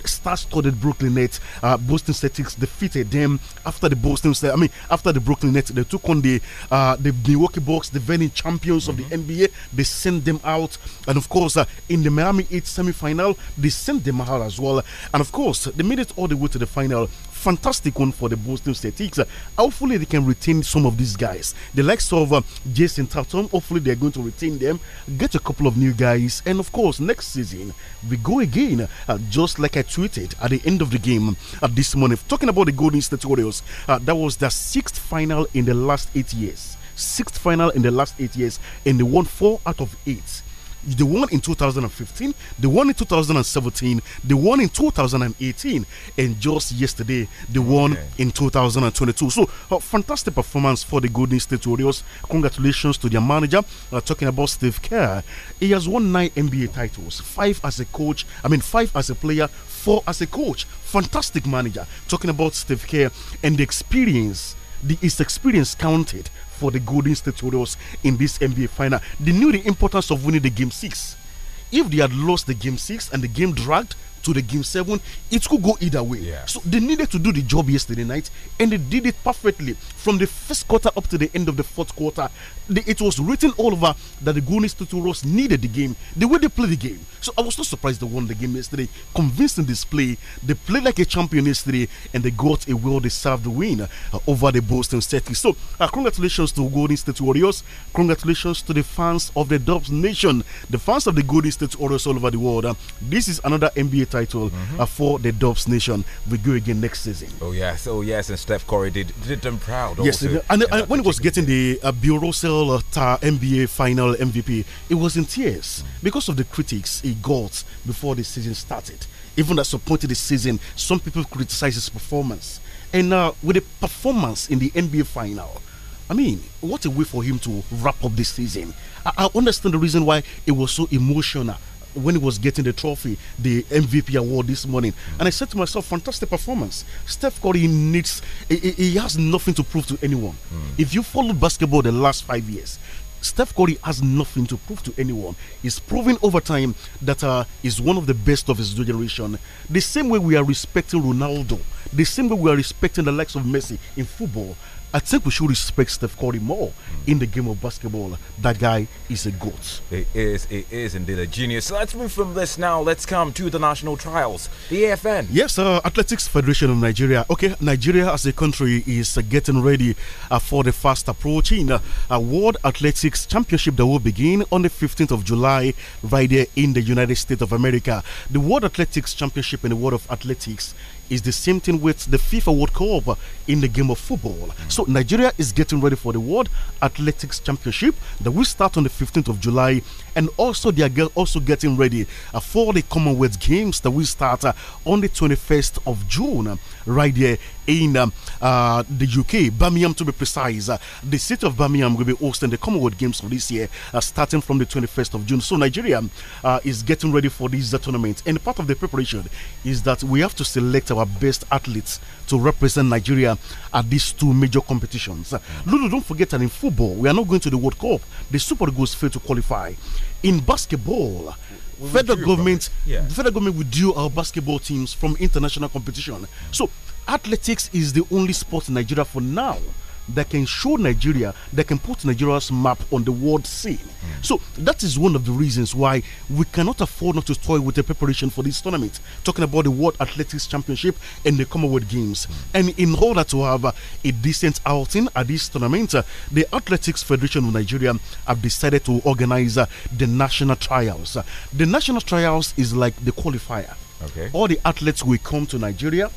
star-studded Brooklyn Nets, uh, Boston Celtics defeated them after the Boston. I mean, after the Brooklyn Nets, they took on the uh, the Milwaukee Bucks, the defending champions mm -hmm. of the mm-hmm. NBA. They sent them out, and of course, uh, in the Miami Heat semifinal, they sent them out as well. And of course, they made it all the way to the final fantastic one for the Boston Celtics. hopefully, they can retain some of these guys. The likes of uh, Jason Tatum, hopefully, they're going to retain them, get a couple of new guys, and of course, next season, we go again, uh, just like I tweeted at the end of the game uh, this morning. Talking about the Golden State Warriors, uh, that was the sixth final in the last eight years. Sixth final in the last eight years, and they won four out of eight the one in 2015, the one in 2017, the one in 2018, and just yesterday, the one in 2022. So, a fantastic performance for the Golden State Warriors. Congratulations to their manager. Uh, talking about Steve Kerr, he has won nine NBA titles, five as a coach, I mean, five as a player, four as a coach. Fantastic manager. Talking about Steve Kerr and the experience the, his experience counted for the Golden State Warriors in this NBA final. They knew the importance of winning the game six. If they had lost the game six and the game dragged, to the game seven, it could go either way. Yeah. So they needed to do the job yesterday night, and they did it perfectly from the first quarter up to the end of the fourth quarter. it was written all over that the Goonies Warriors needed the game, the way they played the game. So I was not surprised they won the game yesterday. Convincing display, they played like a champion yesterday, and they got a well deserved win uh, over the Boston Celtics. So uh, congratulations to Golden State Warriors. Congratulations to the fans of the Dubs Nation, the fans of the Golden State Warriors all over the world. Uh, this is another NBA title title mm -hmm. for the Dubs Nation. We go again next season. Oh yes, oh yes, and Steph Curry did did them proud. Yes, uh, and, and, and when he was getting the uh, Bureaucell NBA uh, Final MVP, it was in tears mm because of the critics he got before the season started. Even that supported the season, some people criticized his performance. And uh, with a performance in the NBA Final, I mean, what a way for him to wrap up the season. I, I, understand the reason why it was so emotional when he was getting the trophy, the MVP award this morning. Mm. And I said to myself, fantastic performance. Steph Curry needs, he, he has nothing to prove to anyone. Mm. If you followed basketball the last five years, Steph Curry has nothing to prove to anyone. He's proven over time that uh, he's one of the best of his generation. The same way we are respecting Ronaldo, the same way we are respecting the likes of Messi in football, I think we should respect Steph Curry more in the game of basketball. That guy is a goat. It is, it is indeed a genius. So let's move from this now. Let's come to the national trials, the AFN. Yes, uh, Athletics Federation of Nigeria. Okay, Nigeria as a country is uh, getting ready uh, for the fast approaching uh, uh, World Athletics Championship that will begin on the 15th of July right there in the United States of America. The World Athletics Championship in the world of athletics is the same thing with the FIFA World Cup in the game of football. So Nigeria is getting ready for the World Athletics Championship that will start on the 15th of July, and also they are also getting ready uh, for the Commonwealth Games that will start uh, on the 21st of June, right there in um, uh, the UK, Birmingham to be precise. Uh, the city of Birmingham will be hosting the Commonwealth Games for this year, uh, starting from the 21st of June. So Nigeria is getting ready for this tournament, and part of the preparation is that we have to select our best athletes to represent Nigeria at these two major competitions. Lulu, don't forget that in football, we are not going to the World Cup. The Super Eagles failed to qualify. In basketball, we federal withdrew, government, yeah. federal government withdrew our basketball teams from international competition. So athletics is the only sport in Nigeria for now that can show Nigeria, that can put Nigeria's map on the world scene. Mm. So that is one of the reasons why we cannot afford not to toy with the preparation for this tournament. Talking about the World Athletics Championship and the Commonwealth Games. Mm. And in order to have uh, a decent outing at this tournament, uh, the Athletics Federation of Nigeria have decided to organize uh, the national trials. the national trials is like the qualifier. Okay. All the athletes will come to Nigeria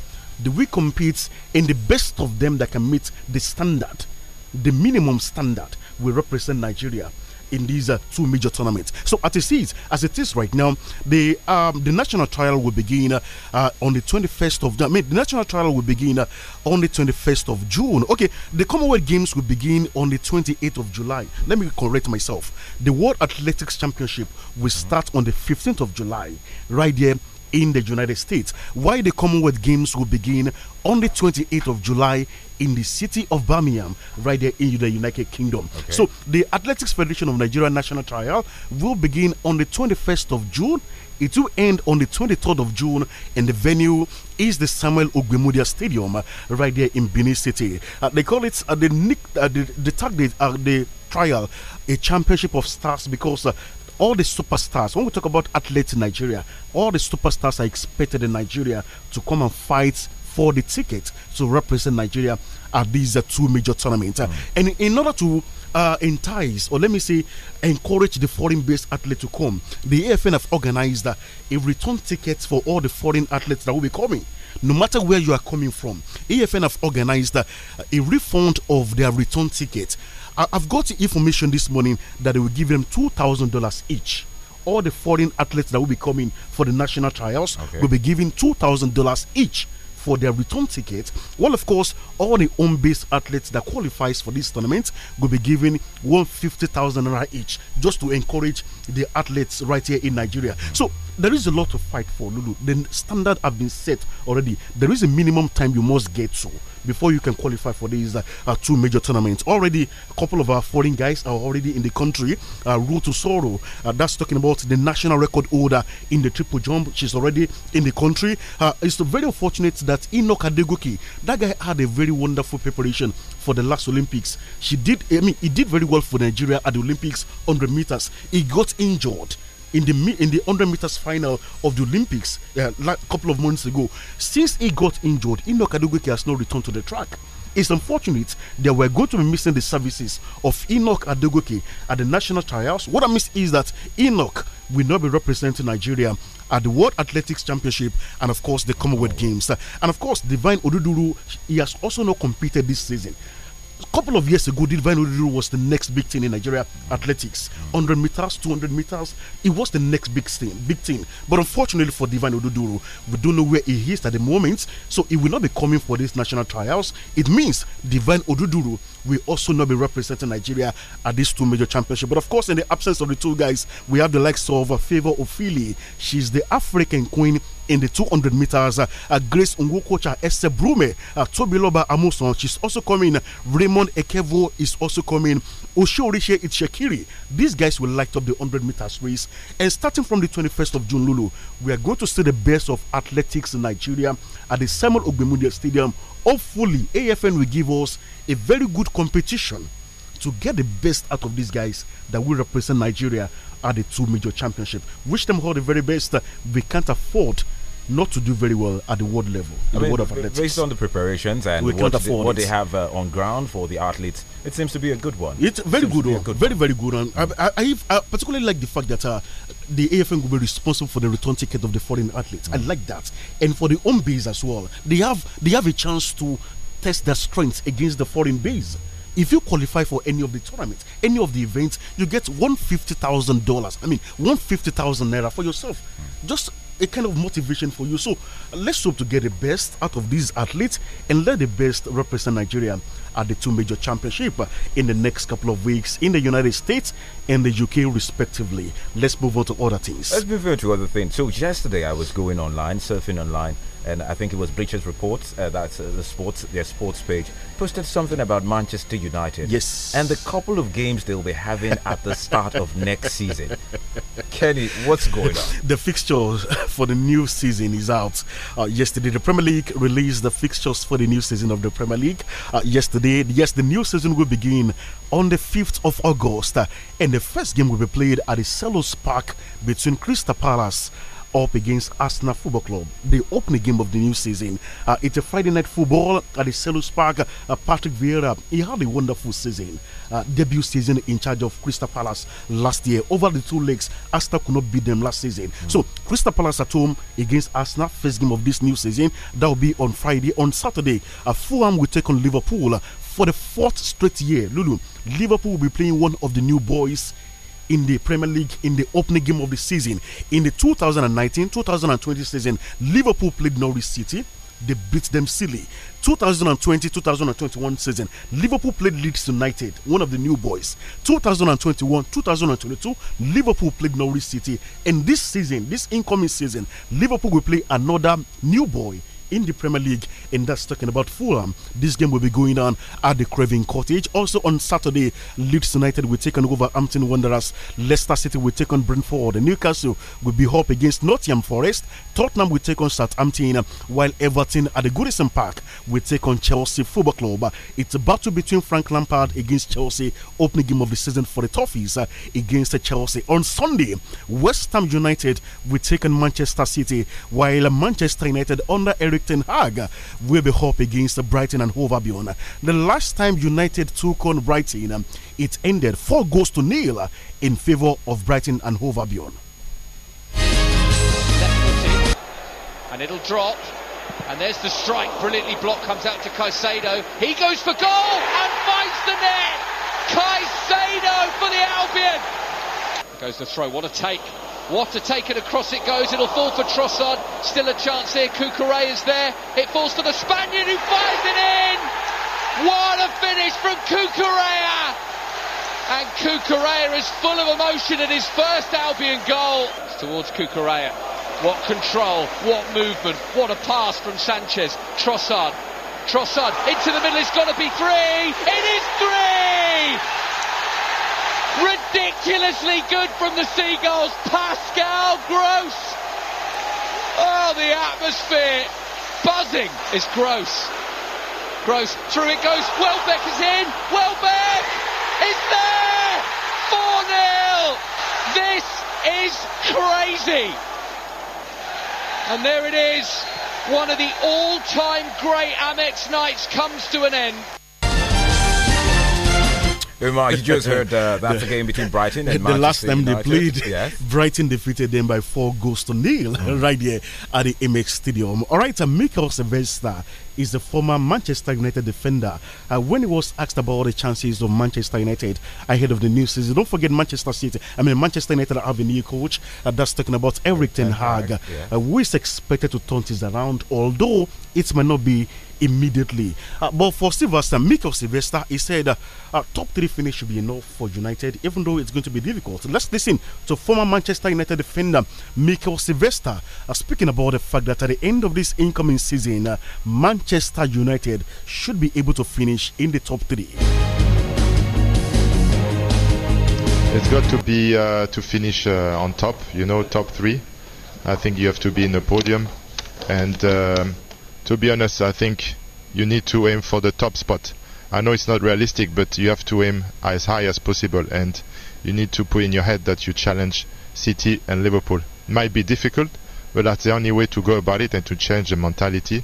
do we compete in the best of them that can meet the standard, the minimum standard? We represent Nigeria in these uh, two major tournaments. So as it is, as it is right now, the um, the national trial will begin uh, uh on the 21st of I mean, the national trial will begin uh, on the 21st of June. Okay, the Commonwealth Games will begin on the 28th of July. Let me correct myself. The World Athletics Championship will start on the 15th of July, right there in the United States, while the Commonwealth Games will begin on the 28th of July in the city of Birmingham, right there in the United Kingdom. Okay. So, the Athletics Federation of Nigeria National Trial will begin on the 21st of June. It will end on the 23rd of June, and the venue is the Samuel Ogbemudia Stadium right there in Benin City. Uh, they call it uh, the, nick, uh, the, the tag, the, uh, the trial a championship of stars because uh, all the superstars, when we talk about athletes in Nigeria, all the superstars are expected in Nigeria to come and fight for the ticket to represent Nigeria at these uh, two major tournaments. Uh, mm. Uh, and in order to uh, entice, or let me say, encourage the foreign based athlete to come, the AFN have organized uh, a return ticket for all the foreign athletes that will be coming. No matter where you are coming from, AFN have organized uh, a refund of their return ticket I, have got information this morning that they will give them two thousand dollars each. All the foreign athletes that will be coming for the national trials okay. will be given two thousand dollars each for their return ticket. Well, of course, all the home-based athletes that qualifies for this tournament will be given 150,000 naira each, just to encourage the athletes right here in Nigeria. So there is a lot to fight for, Lulu. The standard have been set already. There is a minimum time you must get to before you can qualify for these uh, uh, two major tournaments. Already, a couple of our foreign guys are already in the country. Uh, Road to Sorrow, uh, that's talking about the national record holder in the triple jump. She's already in the country. Uh, it's very unfortunate that Enoch Adegoki, that guy had a very wonderful preparation for the last Olympics. She did, I mean, he did very well for Nigeria at the Olympics 100 meters. He got injured in the in the 100 meters final of the Olympics a couple of months ago. Since he got injured, Enoch Adugweke has not returned to the track. It's unfortunate that we're going to be missing the services of Enoch Adegoke at the national trials. What I miss is that Enoch will not be representing Nigeria at the World Athletics Championship and, of course, the Commonwealth Games. And, of course, Divine Oduduru, he has also not competed this season a couple of years ago, Divine Oduru was the next big thing in Nigeria athletics. 100 meters, 200 meters. It was the next big thing. Big thing. But unfortunately for Divine Oduru, we don't know where he is at the moment. So he will not be coming for these national trials. It means Divine Oduduru will also not be representing Nigeria at these two major championships. But of course, in the absence of the two guys, we have the likes of uh, Favor Ofili. She's the African queen in the 200 meters. Uh, uh, Grace Ungukocha, Esther Brume, uh, Loba, Amuson. She's also coming. Raymond Ekevo is also coming. Osho it's Shakiri. These guys will light up the 100 meters race. And starting from the 21st of June, Lulu, we are going to see the best of athletics in Nigeria at the Samuel Ogbemudia Stadium Hopefully, AFN will give us a very good competition to get the best out of these guys that will represent Nigeria at the two major championships. Wish them all the very best. We can't afford not to do very well at the world level, I mean, world of athletics. Based on the preparations and we what, the, what they have uh, on ground for the athletes, it seems to be a good one. It's very good, one. Oh. good, very, one. very good. And I, I, I, particularly like the fact that uh, the AFN will be responsible for the return ticket of the foreign athletes. Mm. I like that. And for the home base as well, they have, they have a chance to test their strength against the foreign base if you qualify for any of the tournaments, any of the events, you get one fifty thousand dollars. I mean, one fifty thousand naira for yourself. Mm. Just a kind of motivation for you. So let's hope to get the best out of these athletes and let the best represent Nigeria at the two major championships in the next couple of weeks in the United States and the UK, respectively. Let's move on to other things. Let's move on to other things. So yesterday I was going online, surfing online and I think it was Bleachers Reports, uh, that's uh, the sports their sports page, posted something about Manchester United. Yes. And the couple of games they'll be having at the start of next season. Kenny, what's going on? The fixtures for the new season is out. Uh, yesterday, the Premier League released the fixtures for the new season of the Premier League. Uh, yesterday, yes, the new season will begin on the 5th of August, uh, and the first game will be played at the Celos Park between Crystal Palace up against Arsenal Football Club, the opening game of the new season. Uh, it's a Friday night football at the Sellers Park. Uh, Patrick Vieira, he had a wonderful season, uh, debut season in charge of Crystal Palace last year. Over the two legs, Arsenal could not beat them last season. Mm. So Crystal Palace at home against Arsenal, first game of this new season. That will be on Friday. On Saturday, uh, Fulham will take on Liverpool uh, for the fourth straight year. Lulu, Liverpool will be playing one of the new boys in the Premier League in the opening game of the season. In the 2019 2020 season, Liverpool played Norwich City. They beat them silly. 2020 2021 season, Liverpool played Leeds United, one of the new boys. 2021 2022, Liverpool played Norwich City. And this season, this incoming season, Liverpool will play another new boy in the Premier League, and that's talking about Fulham. This game will be going on at the Craven Cottage. Also on Saturday, Leeds United will take on Wolverhampton Wanderers. Leicester City will take on Brentford. Newcastle will be up against Nottingham Forest. Tottenham will take on Southampton, while Everton at the Goodison Park will take on Chelsea Football Club. It's a battle between Frank Lampard against Chelsea, opening game of the season for the Toffees uh, against Chelsea. On Sunday, West Ham United will take on Manchester City, while Manchester United under Eric Erik Ten Hag will be up against Brighton and Hove Albion. The last time United took on Brighton, it ended four goals to nil in favour of Brighton and Hove Albion. And it'll drop. And there's the strike. Brilliantly blocked. Comes out to Caicedo. He goes for goal and finds the net. Caicedo for the Albion. Goes the throw. What a take. What to take it across it goes. It'll fall for Trossard. Still a chance here. Kukure is there. It falls to the Spaniard who fires it in. What a finish from Kukurea! And Kukurea is full of emotion at his first Albion goal. It's towards Kukurea. What control, what movement, what a pass from Sanchez. Trossard. Trossard into the middle. It's got to be three. It is three! Ridiculously good from the Seagulls, Pascal Gross. Oh, the atmosphere buzzing is Gross. Gross, through it goes, Welbeck is in, Welbeck is there! 4-0! This is crazy! And there it is, one of the all-time great Amex nights comes to an end. Umar, you just heard uh, that's the game between Brighton and the Manchester last time United. they played. Yes. Brighton defeated them by four goals to nil mm. right there at the MX Stadium. All right, and uh, Mikel Sylvester is the former Manchester United defender. Uh, when he was asked about the chances of Manchester United ahead of the new season, don't forget Manchester City. I mean, Manchester United have a new coach uh, that's talking about Eric Ten Hag, yeah. Uh, who is expected to turn things around, although it might not be immediately. Uh, but for Sylvester, Mikko Sylvester, he said uh, uh, top three finish should be enough for United, even though it's going to be difficult. Let's listen to former Manchester United defender Mikko Sylvester uh, speaking about the fact that at the end of this incoming season, uh, Manchester United should be able to finish in the top three. It's got to be uh, to finish on top, you know, top three. I think you have to be in the podium, and um, to be honest, I think you need to aim for the top spot. I know it's not realistic, but you have to aim as high as possible, and you need to put in your head that you challenge City and Liverpool. It Might be difficult, but that's the only way to go about it and to change the mentality.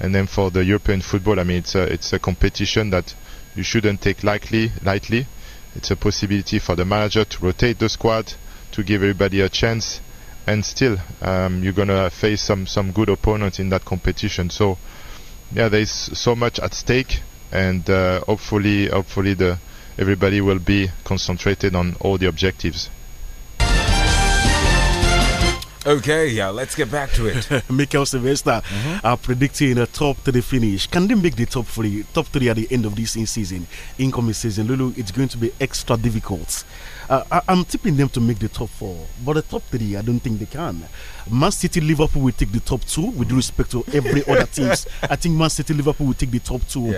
And then for the European football, I mean, it's a, it's a competition that you shouldn't take lightly. Lightly, it's a possibility for the manager to rotate the squad, to give everybody a chance, and still um, you're gonna face some some good opponents in that competition. So yeah, there's so much at stake, and uh, hopefully hopefully the everybody will be concentrated on all the objectives. Okay, yeah, let's get back to it. Mikel Sylvester mm -hmm. are predicting a top three finish. Can they make the top three? Top three at the end of this in season, incoming season, Lulu. It's going to be extra difficult. Uh, I, am tipping them to make the top four, but the top three, I don't think they can. Man City, Liverpool will take the top two with respect to every other teams. I think Man City, Liverpool will take the top two.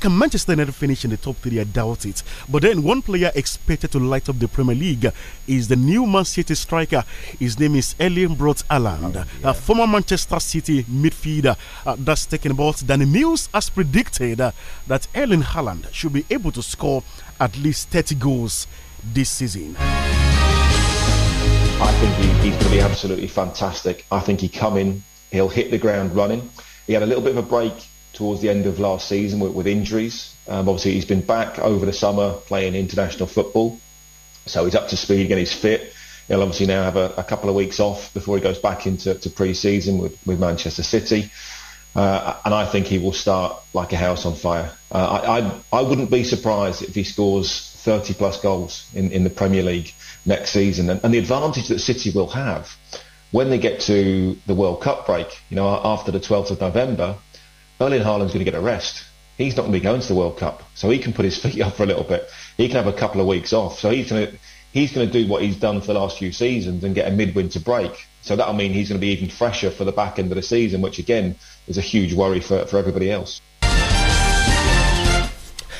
Can Manchester United finish in the top three? I doubt it. But then one player expected to light up the Premier League is the new Man City striker. His name is Elian Brot Alland, oh, yeah. a former Manchester City midfielder. Uh, that's taken about Danny Mills has predicted uh, that Ellen Haaland should be able to score at least 30 goals this season. I think he, he's going to be absolutely fantastic. I think he come in, he'll hit the ground running. He had a little bit of a break towards the end of last season with, with injuries. Um, obviously, he's been back over the summer playing international football, so he's up to speed and He's fit. He'll obviously now have a, a couple of weeks off before he goes back into pre-season with, with Manchester City. Uh, and I think he will start like a house on fire. Uh, I, I, I wouldn't be surprised if he scores 30 plus goals in, in the Premier League next season. And, and the advantage that City will have when they get to the World Cup break, you know, after the 12th of November, Erling Haaland's going to get a rest. He's not going to be going to the World Cup, so he can put his feet up for a little bit. He can have a couple of weeks off. So he's going to he's going to do what he's done for the last few seasons and get a midwinter break. So that'll mean he's going to be even fresher for the back end of the season, which again is a huge worry for, for everybody else.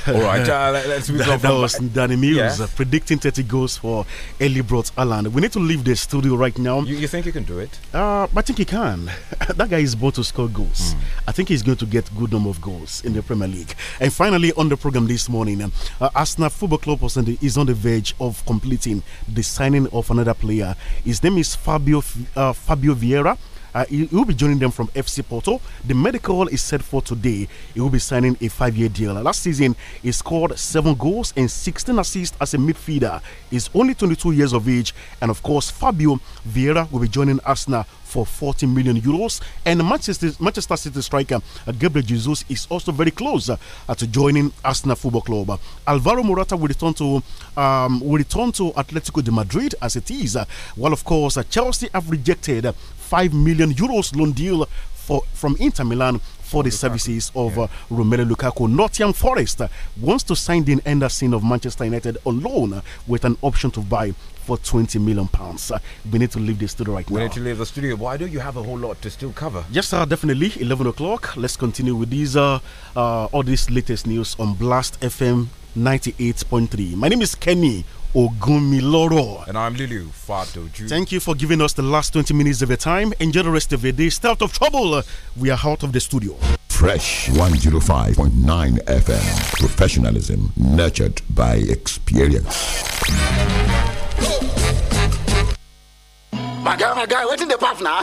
All right, uh, let, us move on. That was Danny Mills yeah. Uh, predicting 30 goals for Eli Brot Alan. We need to leave the studio right now. You, you think you can do it? Uh, I think he can. that guy is born to score goals. Mm. I think he's going to get good number of goals in the Premier League. And finally, on the program this morning, uh, Arsenal Football Club is on the verge of completing the signing of another player. His name is Fabio uh, Fabio Vieira. Uh, he, will be joining them from FC Porto. The medical is set for today. He will be signing a five year deal. Last season, he scored seven goals and 16 assists as a midfielder. He's only 22 years of age. And of course, Fabio Vieira will be joining Arsenal for 40 million euros. And Manchester, Manchester City striker uh, Gabriel Jesus is also very close uh, to joining Arsenal Football Club. Alvaro Morata will return to um, will return to Atletico de Madrid as it is. while of course uh, Chelsea have rejected 5 million euros loan deal for, from Inter Milan for the Lukaku. services of yeah. uh, Romelu Lukaku. Nottingham Forest uh, wants to sign Dean Anderson of Manchester United alone uh, with an option to buy for 20 million pounds. Uh, we need to leave the studio right we now. We need to leave the studio. Why do you have a whole lot to still cover? Yes, sir, definitely. 11 o'clock. Let's continue with these uh, uh, all this latest news on Blast FM 98.3. My name is Kenny and I'm Lulu Fadoju. Thank you for giving us the last 20 minutes of your time. Enjoy the rest of your day. Stay out of trouble. We are out of the studio. Fresh 105.9 FM. Professionalism nurtured by experience. my guy my guy waiting the pass now.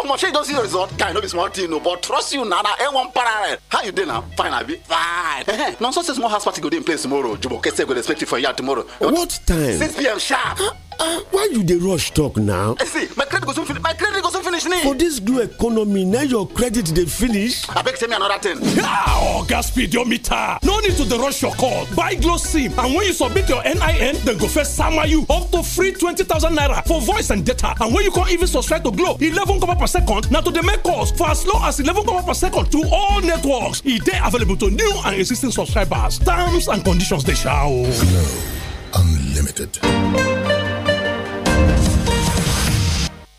omo shey you don't see the result guy no be small thing no. but trust you na na a1 parallel how you doing now? fine I be fine na so say small house party go dey in place tomorrow jumoke sef go dey expect you for yard tomorrow. what time. six pm sharp. ah why you dey rush talk now. Eh, see my credit go soon finish my credit go soon finish ni. for dis new economy na your credit dey finish. abeg send me another ten. ah oga speed your meter no need to dey rush your call buy glo sim and when you submit your nin dem go first sama you up to free twenty thousand naira for voice and data and when you come even subscribe to glo eleven kobo per second na to dey make calls for as low as eleven kobo per second to all networks e dey available to new and existing subscribers terms and conditions dey sha o. glo unlimited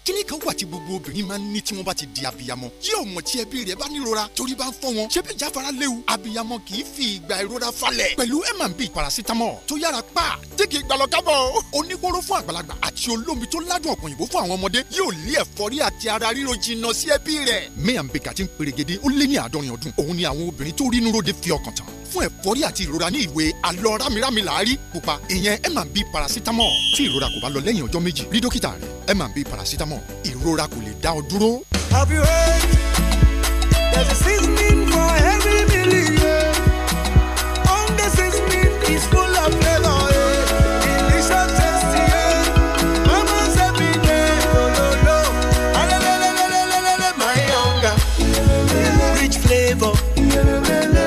kíní kan wà tí gbogbo obìnrin máa ń ní tí wọ́n bá ti di abiyamọ yóò mọ̀ tí ẹbí rẹ̀ bá nírora torí bá ń fọ́ wọn ṣé bí jáfara léwu abiyamọ kì í fi ìgbà ìrora falẹ̀ pẹ̀lú M&B paracetamol tó yára pa jẹ́kì ìgbàlọ́kábọ̀ oníkóró fún àgbàlagbà àti olómi tó ládùn ọ̀pọ̀ òyìnbó fún àwọn ọmọdé yóò lé ẹ̀fọ́rí àti ara ríro jìnnà sí ẹbí rẹ̀ M&B fún ẹ̀fọ́rí àti ìrora ní ìwé àlọ́ rámírámí làárí pupa ìyẹn M&B paracetamol tí ìrora kò bá lọ lẹ́yìn ọjọ́ méjì rí dókítà rẹ̀ M&B paracetamol mọ̀ ìrora kò lè dá ọ dúró. have you heard there's a seasoning for every meal yeah. on the seasoning full of flavour. Oh, flavor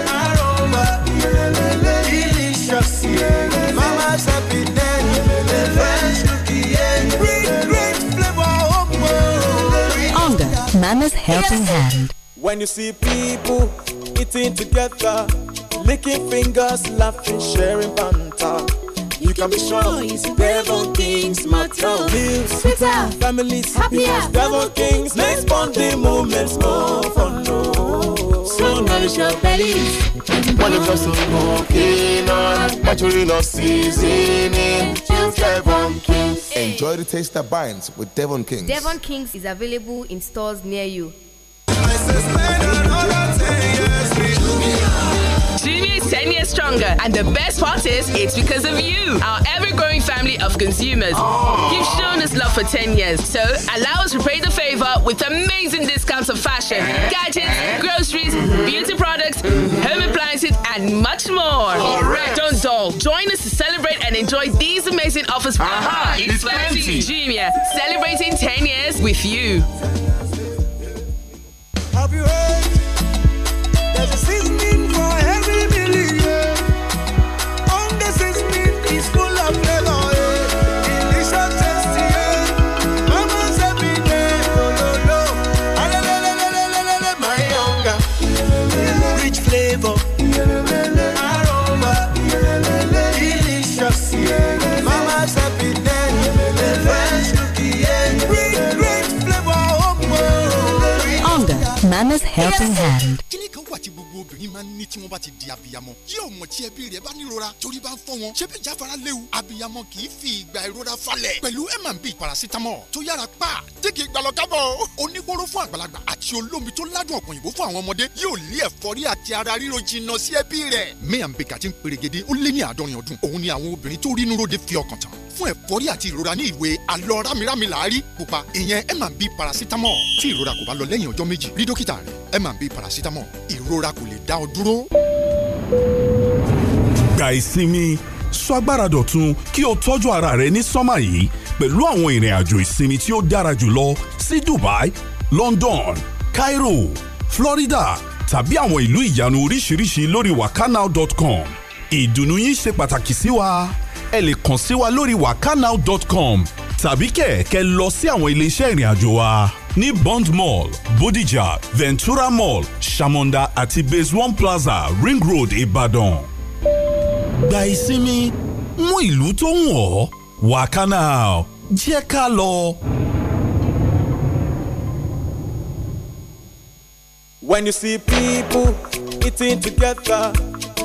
helping hand. When you see people eating together, licking fingers, laughing, sharing banter. You, you can, can be sure devil kings matter. Live sweeter, families happier. Devil kings makes bonding moments more fun. Oh. So nourish your bellies. When it comes to smoking on, naturally not seasoning. Devon Kings. Enjoy the taste that binds with Devon Kings. Devon Kings is available in stores near you. Jumi is 10 years stronger, and the best part is it's because of you, our ever growing family of consumers. Oh. You've shown us love for 10 years, so allow us to pay the favor with amazing discounts of fashion, gadgets, groceries, beauty products, home appliances, and much more. Correct. Don't dull. Join us to celebrate and enjoy these amazing offers. Ah, Aha, uh-huh, it's, it's plenty. celebrating 10 years with you. Have you heard? There's a season Mama's Helping Hand. kíní kan wà tí gbogbo obìnrin máa ń ní tí wọ́n bá ti di abiyamọ tí yóò tí ẹbí rẹ̀ bá nírora torí bá ń fọ́ wọn ṣé bí jáfara léwu abiyamọ kì í fi ìgbà ìrora falẹ̀ pẹ̀lú M&B paracetamol tó yára pa dígì ìgbàlọ́kábọ̀ onígbóró fún àgbàlagbà àti olómi tó ládùn ọ̀pọ̀ òyìnbó fún àwọn ọmọdé yóò lé ẹ̀fọ́rí àti ara ríro jìnnà sí ẹbí rẹ̀. M&B kàti ń fún ẹ̀fọ́rí àti ìrora ní ìwé alọ rámirámi làárí pupa ìyẹn M&B paracetamol tí ìrora kò bá lọ lẹ́yìn ọjọ́ méjì rí dókítà rẹ M&B paracetamol ìrora kò lè dá ọ dúró. gba ìsinmi sọ agbára dọ̀tun kí o tọ́jú ara rẹ ní sọ́mà yìí pẹ̀lú àwọn ìrìn àjò ìsinmi tí ó dára jùlọ sí Dubai, London, Cairo, Florida tàbí àwọn ìlú ìyanu oríṣiríṣi lórí wakanow.com ìdùnnú yín ṣe pàtàkì sí wa ẹ lè kàn sí wa lórí wakanow.com tàbí kẹ̀ kẹ́ lọ sí àwọn iléeṣẹ́ ìrìnàjò wa ní Bond Mall, Bodija, Ventura Mall, Shamonda àti Base One Plaza, Ring Road, Ìbàdàn. Gba ìsinmi mú ìlú tó ń wọ̀ Wakanow jẹ́ ká lọ. When you see people eating together,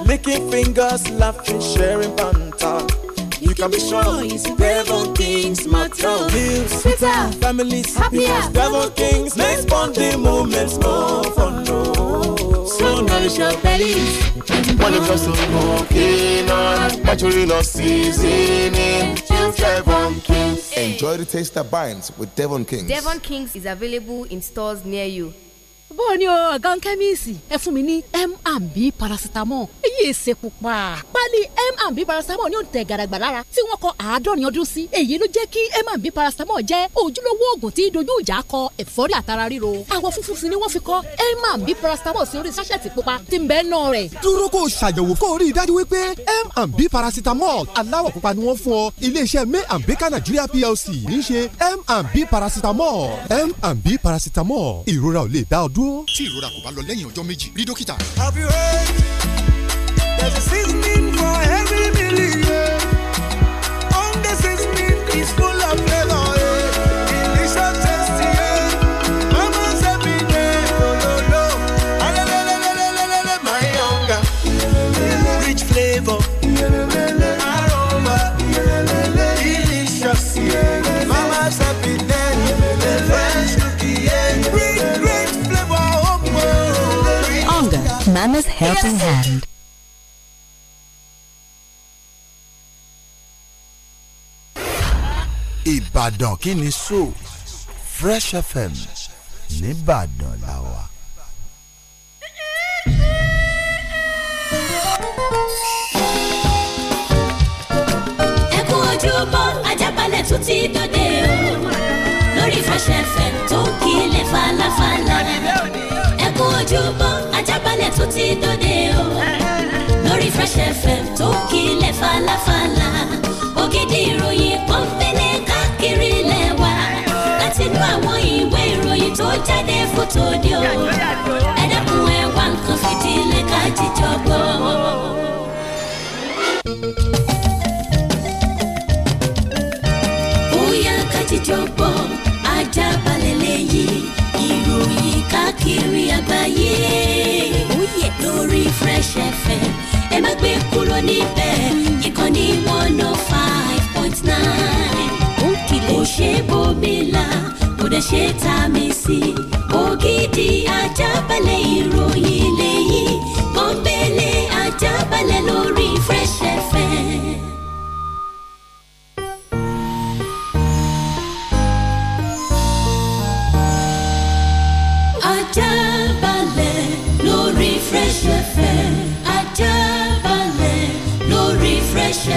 licking fingers, laughing, sharing banter. You, can, be sure it's Devon Kings Matron. Feels sweeter, families happier. Devon Kings makes bonding moments more fun. No. So nourish your bellies. One of us cooking on, maturing or seasoning. Devon Kings. Enjoy the taste that binds with Devon Kings. Devon Kings is available in stores near you báwo ni o ọ̀gá kẹ́míìsì ẹ fún mi ní m and b paracetamol èyí èsè pupa pálí m and b paracetamol ní òǹtẹ̀ gàràgbà lára tí wọ́n kọ àádọ́rin ọdún sí èyí ló jẹ́ kí m and b paracetamol jẹ́ ojúlówó oògùn tí dojú ìjà kọ ẹ̀fọ́rí àtara ríro àwọ̀ funfun sí ni wọ́n fi kọ m and b paracetamol sí orí sáṣẹ̀tì pupa tí ń bẹ́ nọ rẹ̀. dúró kó o ṣàyẹ̀wò kó o rí i dájú wípé m and b paracetamol aláwọ̀ pupa ni wọ́n fún ọ iléeṣẹ́ may and baker nigeria plc ní í ṣe m and b paracetamol m and b paracetamol ìrora ò lè dá ọ dúró. tí ìrora kò bá lọ lẹ́yìn ọjọ́ méjì rí dókítà. have you heard there's a seasoning for every believer on the is full of flavour. flavor Nana's Helping Hand. Ìbàdàn kí ni so Fresh FM nìbàdàn la wà. Ẹ kú ojúbọ Ajábalẹ̀ tún ti dòde o lórí Fresh FM tó ń kílẹ̀ falafala ojúbọ ajábalẹ̀ tó ti dòde o lórí Fresh FM tó kílẹ̀ falafala ògidì ìròyìn pọ́npẹ́lẹ́ káàkiri lẹ́wà láti inú àwọn ìwé ìròyìn tó jáde fótó di o ẹ dákun ẹ wá nǹkan fìdílé ká jíjọ gbọ́. bóyá ká jíjọ gbọ́ ajábalẹ̀ káàkiri àgbáyé lórí Fresh FM ẹ má gbé kúrò níbẹ̀ ìkànnì one oh five point nine kò ṣe bòmílà kò dẹ̀ ṣe tá a mi sí ògidì ajábalẹ̀ ìròyìn lẹ́yìn pọ́npẹ́lẹ́ ajábalẹ̀ lórí Fresh FM.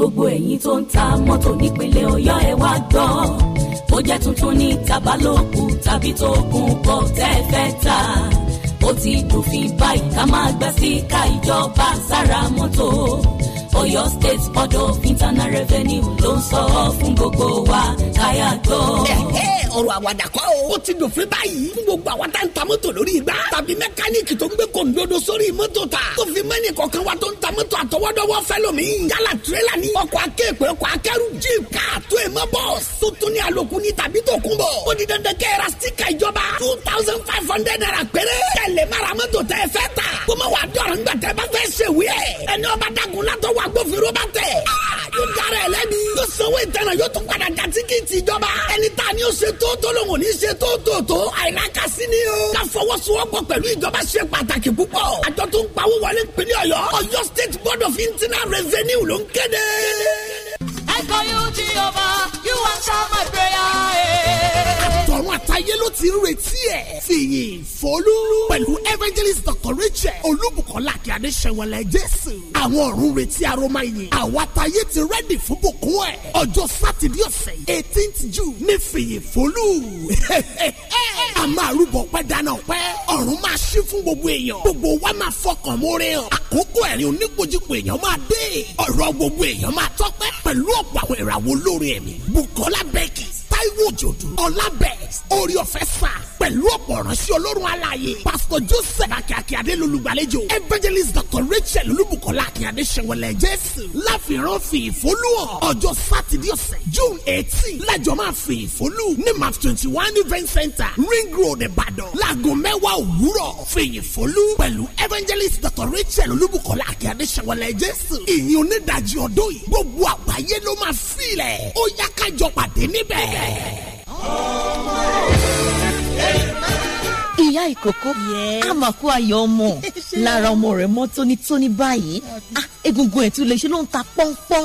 gbogbo ẹ̀yin tó ń ta mọ́tò nípínlẹ̀ ọ̀yọ́ ẹ wá gbọ́ ó jẹ́ tuntun ní tabalóku tàbí tó kún pọ̀ tẹ́ ta ó ti dòfin báyìí ká máa gbà síkà ìjọba sára mọ́tò Oyo state ọ̀dọ̀ internal revenue ló ń sọ ọ́ fún gbogbo wa káyà gbọ́. ẹ ẹ ọ̀rọ̀ àwàdà kọ́ o ó ti dòfin báyìí fún gbogbo àwa tá ń ta mọ́tò lórí igbá tàbí mẹkáníìkì tó ń gbé kòǹdodo sórí mọ́tò ta tó fi mẹ́nì kọ̀ọ̀kan wa tó ń ta mọ́tò àtọwọ́dọ́wọ́ fẹ́lómi yálà tirẹ́là ní ọkọ̀ akéèpé ọkọ̀ akẹ́rù jíìpù káà tó èèmọ́ bọ́ọ̀s tó tún ní àlòkù ní tàbí two thousand five hundred naira péré tẹ̀lé mara ta kó má wàá dọ̀rọ̀ ńgbà tẹ́ bá fẹ́ ṣèwé táwọn agbófinró bá tẹ̀. Ah, yóò dára ẹ lẹ́bi. yóò sanwó ìtẹ̀nà yóò tún padà já tíkìtì ìjọba. ẹni tá a ní o ṣe tó tó lòun ní ṣe tó tó tó. àyìnlá ka sí ni o. ká fọwọ́sowọ́pọ̀ pẹ̀lú ìjọba ṣe pàtàkì púpọ̀. àjọ tó ń pawó wọlé ìpínlẹ̀ ọ̀yọ́ ọ̀yọ́ state board of internal revenue ló ń kéde. ẹ̀kọ́ ayé ló ti ń retí ẹ̀. fìyìn fọlú. pẹ̀lú evangelist dr richard olúbùkọ́lá kí adéṣẹ́wọlẹ̀ jésù. àwọn ọ̀run retí aroma yìí. àwa táyé ti rẹ́dì fún bòkú ẹ̀. ọjọ́ sátidé ọ̀sẹ̀ eighteenth june ní fìyìn fọlú. a máa rúbọ pẹ́ dáná pẹ́. ọ̀run máa ṣí fún gbogbo èèyàn. gbogbo wa máa fọkàn mórè hàn. àkókò ẹ̀rín oníkojúpọ̀ èèyàn máa dé. ọ̀rọ̀ gbogbo èèyàn máa tọ́pẹ́ pẹ̀lú ọ̀pọ̀ àwọn ìràwọ̀ olórin ẹ̀mí. bukola beckis taiwo òjòdú ọlábẹ orí ọ̀fẹ́ sà pẹ̀lú ọ̀pọ̀ ránṣẹ́ ọlọ́run aláàyè pásítọ̀ joseph akíakí adélólùgbàlejò evangelist dr rachel olúbùkọ́lá akínyàdé sẹ̀wọ̀lẹ̀ jésù láfihàn fi ìfólúhàn ọjọ́ sátidé ọ̀sẹ̀ june eighteen lájọ máa fi ìfólú ní map twenty one event center ring road ìbàdàn láago mẹ́wàá òwúrọ̀ fi ìfólú pẹ̀lú evangelist dr rachel olúbùkọ́lá akínyàdé sẹ̀wọ̀lẹ̀ jésù ìyìn onídàájí ọdún yìí gbogbo àgbáyé ló máa fi ilẹ̀ ó yá kájọ pàdé níbẹ̀ ìyá ìkókó àmàkù ayọ̀ ọmọ lára ọmọ rẹ̀ mọ́ tónítóní báyìí ah, egungun ẹ̀ tún lè ṣe ló ń ta pọ́npọ́n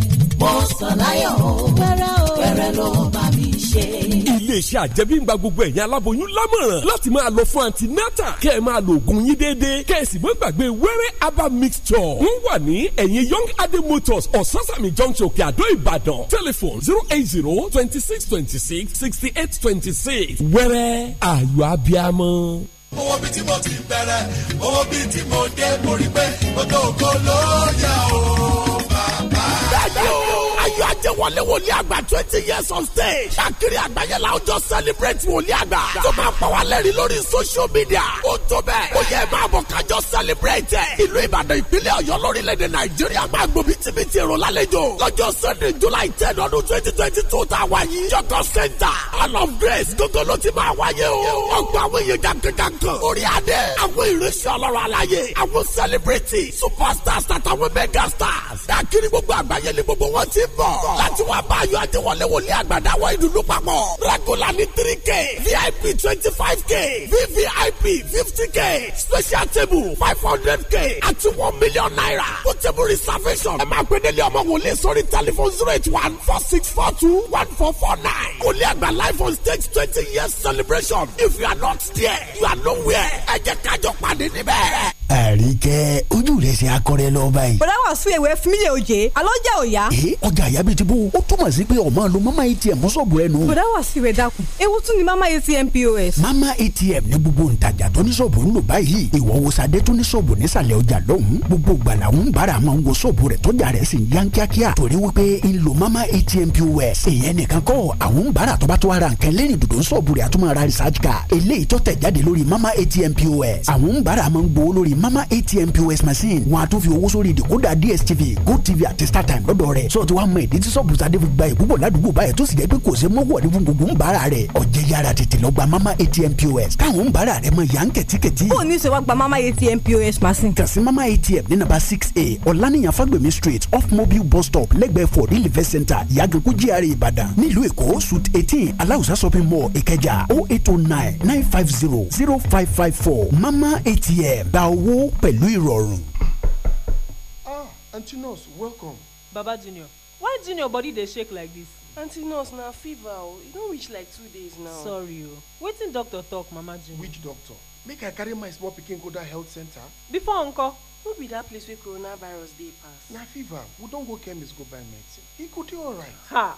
Bọ́sàláyọ̀ pẹ̀rẹ̀ o pẹ̀rẹ̀ ló bá mi ṣe. Iléeṣẹ́ àjẹmíngba gbogbo ẹ̀yin aláboyún lámọ̀ràn láti máa lọ fún antinata kẹ́ ẹ máa lo oògùn yín déédéé kẹ́ ẹ sì mọ́ gbàgbé wẹ́rẹ́ aba mixture. Wọ́n wà ní ẹ̀yìn Young Adé Motors Ososami Junction Òkè Àdó Ìbàdàn. Tẹlifon zero eight zero twenty six twenty six sixty eight twenty six. Wẹ́rẹ́ ayọ̀ abiamọ owó bíi tí mo ti bẹ̀rẹ̀ owó bíi tí mo dé mo rí pé ọjọ́ ògo ló yá o. like you. jẹ́ wọlé wòlíì àgbà twenty years on stage. ṣàkiri àgbáyé la ó jọ celebrate wòlíì àgbà. tó máa pa wá lẹ́rìí lórí social media. ó tó bẹ́ẹ̀. ó yẹ máa bọ̀ kájọ celebrate. ìlú ìbàdàn ìpínlẹ̀ ọ̀yọ́ lórílẹ̀‐èdè nàìjíríà máa gbó bítíbitì èrò lálejò. lọ́jọ́ sunday july ten ọdún twenty twenty two tá a wá yìí. jọkọ center all of grace gógó ló ti máa wáyé o. ọgbà àwọn èèyàn jàǹkàǹkàǹkàn. orí adé àwọn ìrísí ọlọ́run aláyé àwọn celebrity superstars àtàwọn megastars. dákìrì gbogbo àgbáyé ni gbogbo wọn ti bọ̀ papọ̀. láti wá bá ayọ̀ àti wọlé wòlé àgbàdáwọ̀ ìdùnnú papọ̀. regular ní three k vip twenty five k vvip fifty k special table five hundred k àti one million naira. kó table reservation. ẹ máa gbẹdẹ́lẹ̀ ọmọ wòlé sórí telephone zero eight one four six four two one four four nine. wòlé àgbà life on stage twenty years celebration if you are not there you are nowhere. ẹ jẹ́ kájọ pàdé níbẹ̀ àríkẹ́ ojú rẹ̀ ṣe akọrẹ lọ báyìí. bọ̀dá wà sún ewé fún mi oje alọ́ jẹ́ òya. ee ọjà àyà bíi ti bó o túmọ̀ sí pé ọmọ lo mama atm sọ̀bù ẹnu. bọ̀dá wà sí ìwé dákun ewu tún ni mama atm pos. mama atm ní gbogbo ntajà tó ní sọ̀bù ń lò báyìí ìwọ wo sadé tó ní sọ̀bù nísàlẹ̀ ọjà lọ́hùn gbogbo gbala ń bára máa ń wo sọ̀bù rẹ̀ tọ́jà rẹ̀ sì ń yan kíákíá mama atm pos. èèyàn nìkan kọ́ àwọn bára tó bá tó ara nǹkan lẹ́yìn dòdò ń sọ̀bù rẹ̀ àtúmọ̀ ara mama atm pos. àwọn bára máa mama atm pos machine wọn a tún fi owó sórí ìdèkódà dstv gotv àti startime lọ́dọ̀ rẹ̀ sọ ti wá mọ ìdí tí sọ́ọ̀bù sadéfì gba ìbúbọ̀ ládùúgbò báyẹn tó sì jẹ́ pé kò ṣe mọ́wọ́ ní gbogbo ń bára rẹ̀ ọ̀jẹ̀ yára tètè lọ gba mama atm pos káwọn ń bára rẹ̀ mọ ìyá ń kẹ̀tíkẹ̀tí. ó ní sọ wá gba mama atm pos machine. kàn mama atm ní nàbà six a ọ̀lànìyàn fagbemi street off mobile bus stop lẹ́gbẹ̀ẹ́ for the live center ìyàgànkú gra ìbàdàn nílùú èkó suit eighteen aláùsá shopping mall ìkẹjà o oh eight o oh nine nine five zero zero five five four mama atm gba owó owó pẹ̀lú ìrọ̀rùn. ah aunty welcome. baba junior why junior body dey shake like this. Antinous, nurse na fever o e don reach like two days now. sorry o wetin doctor talk mama junior. which doctor make i carry my small pikin go that health center. before uncle. Who be that place wey coronavirus dey pass. na fever we don go chemist go buy medicine He go dey alright. ha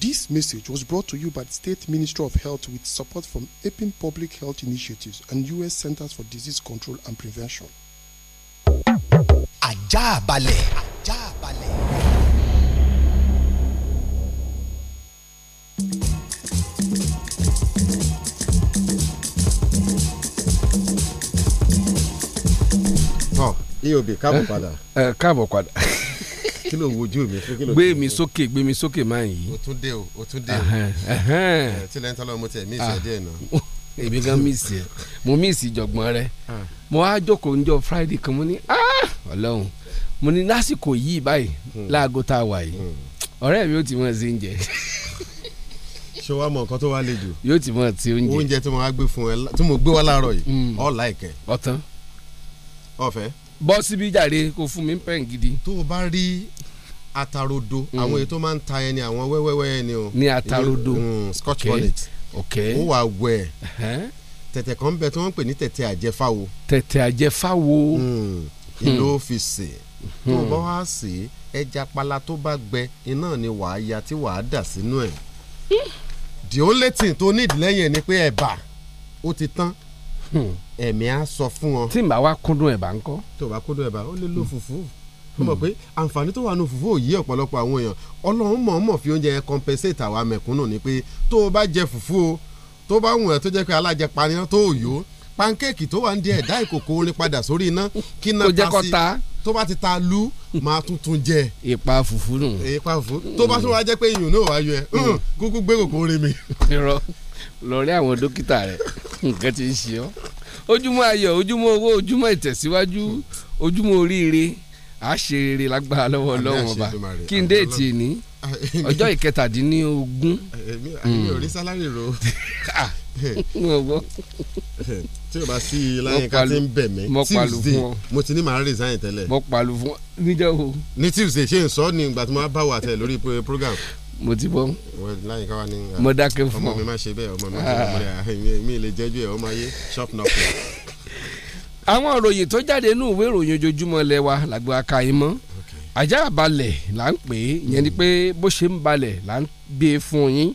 This message was brought to you by the State Ministry of Health with support from APIN Public Health Initiatives and U.S. Centers for Disease Control and Prevention. Ajabale. balẹ̀. Ajá balẹ̀. tán eob káàbọ̀ padà. Eh, eh, káàbọ̀ padà. kí ló wojú mi fún kí gbé mi sókè gbé mi sókè máa yìí. o tún dé o o tún dé o. tilẹ̀ ń tọ́lọ́ mo tẹ̀ mí ìsẹ̀ díẹ̀ náà. èmi gan mí ìsì ẹ mo mí ìsì ìjọ̀gbọ́n rẹ ah. mo wá jókòó níjọ́ friday kan mo ní ah, ọlọ́run mo ní lásìkò yìí báyìí hmm. láago tá a wà yìí hmm. ọ̀rẹ́ mi ò tí mọ̀ sí oúnjẹ. ṣé wàá mọ nǹkan tó wá le jù. yóò ti mọ̀ sí oúnjẹ. oúnjẹ tí mo gbé fún ẹ tí mo gbé wá láàárọ̀ yìí ọ̀ hmm. láìkẹ́. ọ̀tán. ọ̀fẹ́ bọ́ síbi jàre kò fún mi pẹ́ǹ gidi. tó o bá rí atarodo mm. àwọn èyí tó máa ń ta ẹni àwọn wẹ́wẹ́wẹ́ ẹni o. ní atarodo mm, mm, scotch bonnet ok ó wà wẹ̀ tẹ̀tẹ̀ kan bẹ tí wọ́n ń pè ní tẹ̀tẹ̀ àjẹfáwo. tẹ̀tẹ̀ àjẹfáwo. ìlú ọ́fíìsì hmm. tó o hmm. bá wá sí ẹja pala tó bá gbẹ iná ni wàá ya tí wàá dà sínú ẹ̀. Hmm. the only thing tó nídìí lẹ́yìn ẹ̀ ni pé ẹ̀bà ó ti tán. Hmm ẹ̀mí á sọ fún wọn. tí n bá wa kúndùn ẹ̀bà ń kọ́. tó o bá kúndùn ẹ̀bà ó lè lo hmm. fùfú. ó hmm. mọ̀ pé àǹfààní tó wà nù fùfú ò yí ọ̀pọ̀lọpọ̀ àwọn èèyàn ọlọ́run mọ̀ọ́mọ̀ fi oúnjẹ compensate àwa mẹ̀kúnnù ni pé tó o bá jẹ fùfú o tó bá wùn ẹ́ tó jẹ́ pé alájẹ paniná tó yó pankéèkì tó wà ń di ẹ̀dá ìkòkò orin padà sórí iná kí iná pa sí tó bá ti ta lu máa tuntun jẹ. ipa fùfú nù. ipa fùfú tó bá tún wá jẹ́ pé iyùn náà wá yọ ẹ hmm. kúkú gbé kòkó orin mi. lọ rí àwọn dókítà rẹ nǹkan tí ń ṣe ọ́ ojúmọ́ ayọ̀ ojúmọ́ owó ojúmọ́ ìtẹ̀síwájú ojúmọ́ oríire àṣerere lágbára lọ́wọ́ Ọlọ́run ọba kí n déètì ní ọjọ́ ìkẹtàdínlógún. èmi ò rí sálárì ro ah, tí o bá sí i láyé ká ti ń bẹ̀ mí tuesday mo ti ní màá resign tẹ́lẹ̀. mo palu fún ọ níjọ́ o. ní tuesday ṣé n sọ ni ìgbà tí mo lórí program mo ti bọ́. láyìn ká wà ní. mo dákẹ́ fún ọ ọmọ mi má ṣe bẹ́ẹ̀ ọmọ mi ṣe bẹ́ẹ̀ mi lè jẹ́jú ẹ̀ ọmọ ayé shop knocking. àwọn òròyìn tó jáde nínú ìwé ìròyìn ojoojúmọ́ lẹ wa làgbà ká yín mọ́ ajá balẹ̀ là ń pè é ìyẹn ni pé bó ṣe ń balẹ̀ là ń gbé e fún yín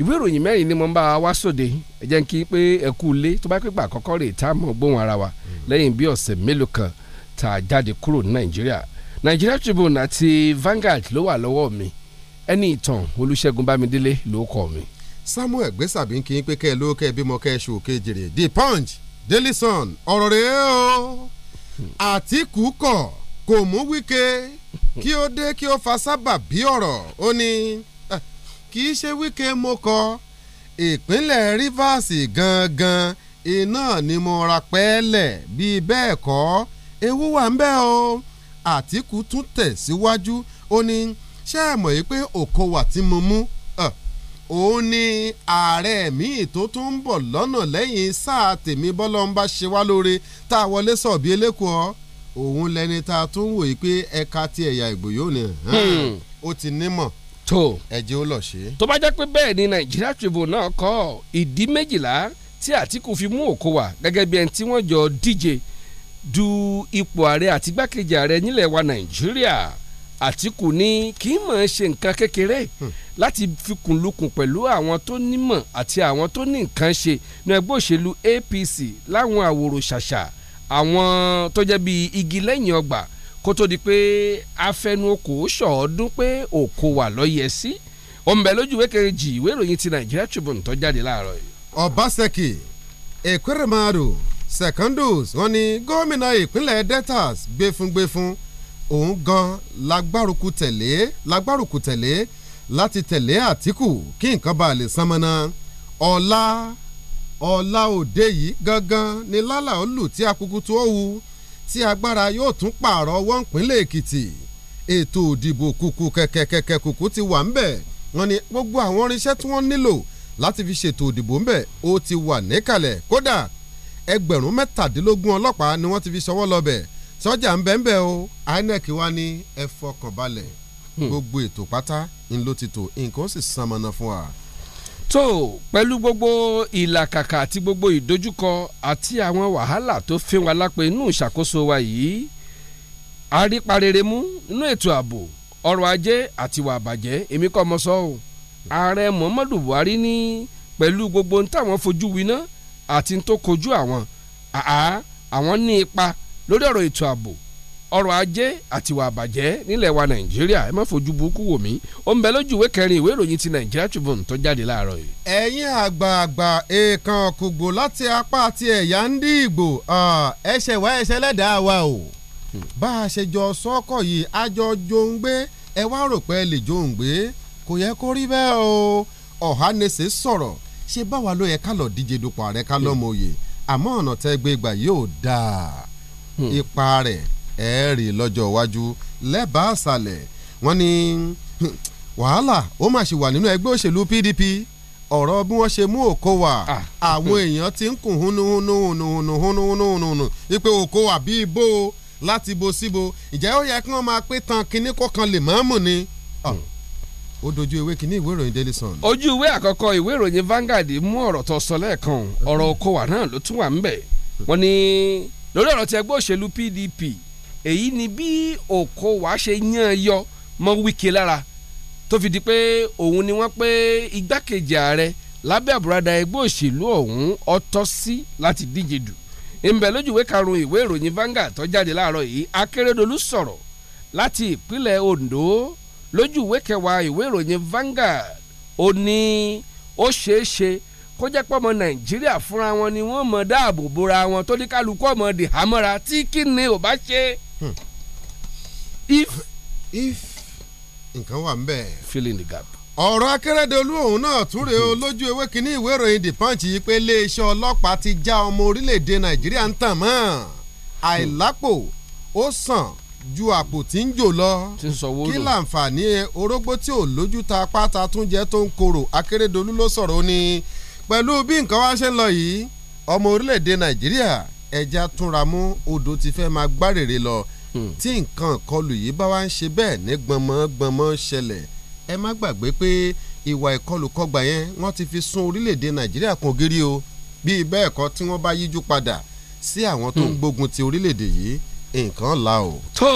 ìwé ìròyìn mẹ́rin ni mo ń bá wa sóde ẹ jẹ́ kí pé ẹ kú tó bá pé àkọ́kọ́ rè tá a mọ̀ gbóhùn ara wa hmm. lẹ́yìn bí ọ̀sẹ̀ mélòó kan tá a jáde kúrò ní nàìjíríà Nigeria Tribune àti Vanguard ló wà lọ́wọ́ mi ẹni ìtàn olùṣègùn bámidélé ló kọ mi. samuel gbèsàbí ń kí n pé kẹ́ ẹ ló kẹ́ ẹ bímọ kẹ́ ẹ ṣòkè jèrè the punch daily sun ọ̀rọ̀ rèé o àtìkù kọ̀ kò mú wíkẹ́ kí ó dé kí ó fa sábà bí ọ̀rọ̀ ó ní ah, kì í ṣe wíkẹ́ mo kọ ìpínlẹ̀ Rivers gangan iná ni mo ra pẹ́ẹ́lẹ̀ bíi bẹ́ẹ̀ kọ́ ewu wà ń bẹ o àtìkù tún tẹ̀síwájú ó ní ṣé ẹ mọ̀ yìí pé Okowa tí mo mú òun ni ààrẹ mi tó tún ń bọ̀ lọ́nà lẹ́yìn sáà tèmi bọ́lá ń bá ṣe wá lóore tá a wọlé sọ̀bí elékòó òun lẹni tá a tún wòye pé ẹ̀ka ti ẹ̀yà ìgbòho ni hmm. ó ti nímọ̀ tó ẹ̀jẹ̀ ó lọ ṣe. tó bá jẹ́ pé bẹ́ẹ̀ ni Nigeria Tribune náà kọ ìdí méjìlá tí Àtìkù fi mú Okowa gẹ́gẹ́ bí ẹni tí wọ́n jọ díje du ipò ààrẹ àti igbákejì ààrẹ nílẹ̀ wa Nàìjíríà. Àtìkù ní kì í mọ̀ ẹ́ ṣe nǹkan kékeré hmm. láti fi kùnlukùn pẹ̀lú àwọn tó nímọ̀ àti àwọn tó ní nǹkan ṣe ní ẹgbẹ́ òṣèlú APC láwọn àwòrò ṣàṣà àwọn tó jẹ́ bíi igi lẹ́yìn ọgbà kó tó di pé afẹnukò sọ̀ọ́dún pé òkò wà lọ́yẹ̀ sí òǹbẹ̀ lójú ìwé kejì ìwé ìròyìn ti Nigeria Tribune tó jáde láàárọ̀ yìí. Obaseki Ekweremadu Secondus wọ́n ní gómìnà ìpínlẹ̀ Deltas gbẹfungbẹfun òun gan lágbárùkù tẹ̀lé lágbárùkù tẹ̀lé láti tẹ̀lé Àtíkù kí nǹkan bá lè sanmọ́nà ọ̀la ọ̀la òde yìí gangan ni lálà ó lù tí akuku tó wù tí agbára yóò tún pààrọ̀ wọ́n pínlẹ̀ Èkìtì ètò òdìbò kùkù kẹ̀kẹ̀kẹ̀kẹ̀ kùkù ti wà ń bẹ̀ wọ́n ní gbogbo àwọn irinṣẹ́ tí wọ́n nílò láti fi ṣètò òdìbò ń bẹ̀ ó ti wà níkàlẹ̀ kódà ẹgbẹ̀rún mẹ́tàdínlógún ọlọ́pàá ni wọ́n ti fi ṣọwọ́ lọ bẹ̀ sọ́jà ń bẹ́ẹ̀ o inec wa ní ẹ fọkàn balẹ̀ hmm. gbogbo ètò pátá ń ló ti tò nǹkan sì san mọ́nà fún wa. tó pẹ̀lú gbogbo ìlàkàkà àti gbogbo ìdojúkọ àti àwọn wàhálà tó fi wá lápè inú ìṣàkóso wa yìí àríparere mú inú ètò ààbò ọrọ̀ ajé àti ìwà àbàjẹ́ èmi kọ́ mọ́ sọ o ààrẹ Muhammadu Buhari ní pẹ̀lú gbogbo ń fojú winá àti ń àwọn àá àwọn ní ipa lórí ọ̀rọ̀ ètò ààbò ọrọ̀ ajé àti ìwà àbàjẹ́ nílẹ̀ wa nàìjíríà ẹ má fojú burúkú wò mí ó ń bẹ lójú ìwé kẹrin ìwé ìròyìn ti nàìjíríà tribune tó jáde láàárọ̀ yìí. ẹ̀yin àgbààgbà èèkàn kùgbò láti apá àti ẹ̀yà ń dí ìgbò ẹ̀ṣẹ̀ wá ẹ̀ṣẹ̀ lẹ́dàá wa o hmm. bá a ṣe jọ sọ́kọ̀ yìí àjọ jòǹgbé ẹ wá rò pé ẹ lè jòǹgbé kò yẹ kó rí bẹ́ẹ̀ o ọ̀hánẹsẹ sọ̀rọ̀ ṣé báwa ló yẹ ká lọ díje dupò ààrẹ ká Hmm. ipa rẹ̀ ẹ̀ rí lọ́jọ́ iwájú lẹ́bàá àṣàlẹ̀ wọ́n ní hmm, wàhálà ó mà ṣì wà nínú ẹgbẹ́ òṣèlú PDP ọ̀rọ̀ bí wọ́n ṣe mú Okowa ah, hmm. àwọn èèyàn ti ń kùn húnúhúnúhúnúhúnúhúnúhúnú wípé Okowa bí ibo láti bo síbo ìjẹ́ ó yẹ kí wọ́n máa pé tan kinní kọ́kan lè mọ́ọ́mù ni ó dojú ìwé kínní ìwé ìròyìn Daily Sun. ojú ìwé àkọ́kọ́ ìwé ìròyìn Vanguard mú ọ̀rọ̀ tó sọ lẹ́ẹ̀kan ọ̀rọ̀ Okowa náà ló tún wà ń bẹ̀ wọ́n ní lórí ọ̀rọ̀ ti ẹgbẹ́ òṣèlú PDP èyí ni bí Okowa ṣe yàn yọ mọ́ Wike lára tó fi di pé òun ni wọ́n pé igbákejì ààrẹ lábẹ́ àbúradà ẹgbẹ́ òṣèlú ọ̀hún ọtọ́ sí láti díje dù ìbẹ̀ lójúwé karùn-ún ìwé ìròyìn Vanguard tó jáde láàárọ̀ yìí Akérèdọ́lù sọ̀rọ̀ láti ìpínlẹ̀ Ondo lójúwé kẹwàá ìwé ìròyìn Vanguard ó ní ó ṣeé ṣe kó jẹ́ pọ́mọ nàìjíríà fúnra wọn ni wọ́n mọ̀ dáàbò bora wọn tó kálukú ọmọ dè hámọ́ra tí kí ni ò bá ṣe. Hmm. if if nǹkan wà ń bẹ̀. filling the gap ọ̀rọ̀ akérèdọ́lù ọ̀hún náà túre o hmm. lójú ewé kínní ìwé ìròyìn the punch yìí pé iléeṣẹ́ ọlọ́pàá ti já ọmọ orílẹ̀‐èdè nàìjíríà ń tàn mọ́ àìlápò ó sàn ju àpò tí ń jò lọ kí láǹfààní orógbó tí ò lójú ta pátá tún jẹ́ tó ń korò akérèdọ́lù ló sọ̀rọ̀ ó pẹ̀lú bí nǹkan wá ṣe ń lọ yìí ọmọ orílẹ̀-èdè nàìjíríà ẹja túnra mú odò ti fẹ́ máa gbárèrè lọ hmm. tí nǹkan kọlù yìí bá wá ń ṣe bẹ́ẹ̀ ní gbọmọ gbọmọ ṣẹlẹ̀ ẹ má gbàgbé pé ìwà ìkọlùkọgbà yẹn wọ́n ti fi sún orílẹ̀-èdè nàìjíríà kan gírí o bíi bẹ́ẹ̀ kọ́ tí wọ́n bá yíjú padà sí àwọn tó ń hmm. gbógun ti orílẹ̀-èdè yìí nǹkan la o. tó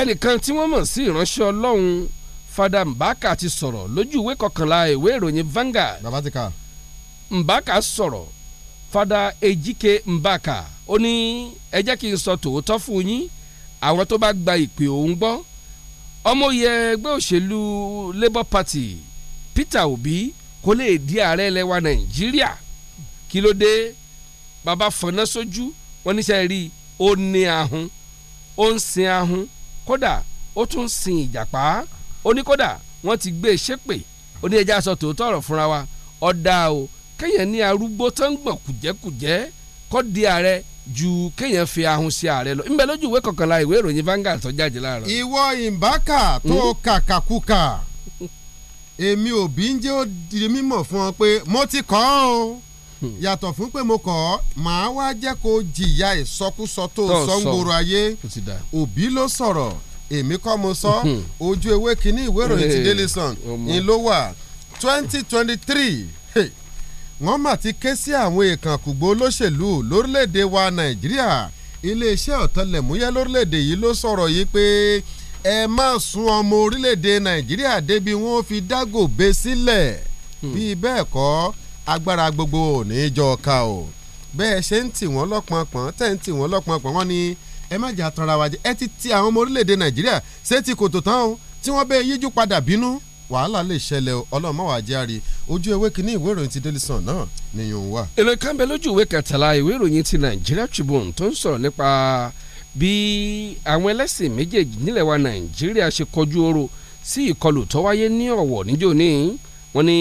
ẹnìkan tí wọ́n mọ̀ sí ìránṣẹ́ ọlọ́run fada mbaka ti sọ̀rọ̀ lójú ìwé kọkànlá ìwé ìròyìn Vanguard. bàbá mbaka sọ̀rọ̀ fada ejike mbaka ó ní ẹ jẹ́ kí n sọ tòótọ́ fún yín àwọn tó bá gba ìpè òun gbọ́ ọmọye ẹgbẹ́ òṣèlú labour party peter obi kò lè di ààrẹ ilẹ̀ wa nàìjíríà kí ló dé bàbá fọnà sójú wọn níṣẹ́ rí ó ní ahun ó ń sin ahun kódà ó tún ń sin ìjàpá ó ní kódà wọ́n ti gbé e ṣépè ó ní ẹja sọ tòótọ́ ọ̀rọ̀ fúnra wa ọ̀dà o kéèyàn ní arúgbó tó ń gbọ̀n kùjẹ́kùjẹ́ kó di ààrẹ ju kéèyàn fi ahun sí ààrẹ lọ nbẹ lójú ìwé kọkànlá ìwé ìròyìn Vanguard tó jáde láàárọ̀. ìwọ ìbákà tó hmm? kàkàkùkà èmi òbí ń jẹ́ ó di mímọ̀ fún ọ pé mo ti kọ́ ọ́ o hmm. yàtọ̀ fún pé mo kọ́ ọ́ màá wá jẹ́ kó jìyà ìsọkúsọ tó sọ́ngboro ayé òbí ló sọ̀rọ̀ èmi kọ́ mo sọ hmm. ojú ewé kínní ìwé ìròyìn ti Daily Sun ni ló wà twenty twenty three wọ́n mà ti ké sí àwọn èèkàn kùgbó lórílẹ̀‐èdè wa nàìjíríà iléeṣẹ́ ọ̀tẹlẹ̀múyẹ́ lórílẹ̀‐èdè yìí ló sọ̀rọ̀ yìí pé ẹ má sún ọmọ orílẹ̀‐èdè nàìjíríà débi wọ́n fi dágòbe sílẹ̀ hmm. bíi bẹ́ẹ̀ kọ́ agbára gbogbo ò ní í jọ ká o bẹ́ẹ̀ ṣe ń tì wọ́n lọ́pọ̀npọ̀n tẹ̀ ń tì wọ́n lọ́pọ̀npọ̀n wọ́n ní ẹ má jà tanra wa ẹ ti ti àwọn ọmọ orílẹ̀‐èdè nàìjíríà ṣé ti kòtò tán o tí wọ́n bẹ́ẹ̀ yíjú padà bínú wàhálà lè ṣẹlẹ̀ ọlọ́mọ wàá járe ojú ewé kínní ìwé ìròyìn ti Daily Sun náà nìyẹn wà. ìròyìn kan bẹ lójú ìwé kẹtàlá ìwé ìròyìn ti Nigeria Tribune tó ń sọ̀rọ̀ nípa bí àwọn ẹlẹ́sìn méjèèjì nílẹ̀ wa Nàìjíríà ṣe kọjú oro sí ìkọlù tó wáyé ní Ọ̀wọ̀ níjó ní wọ́n ní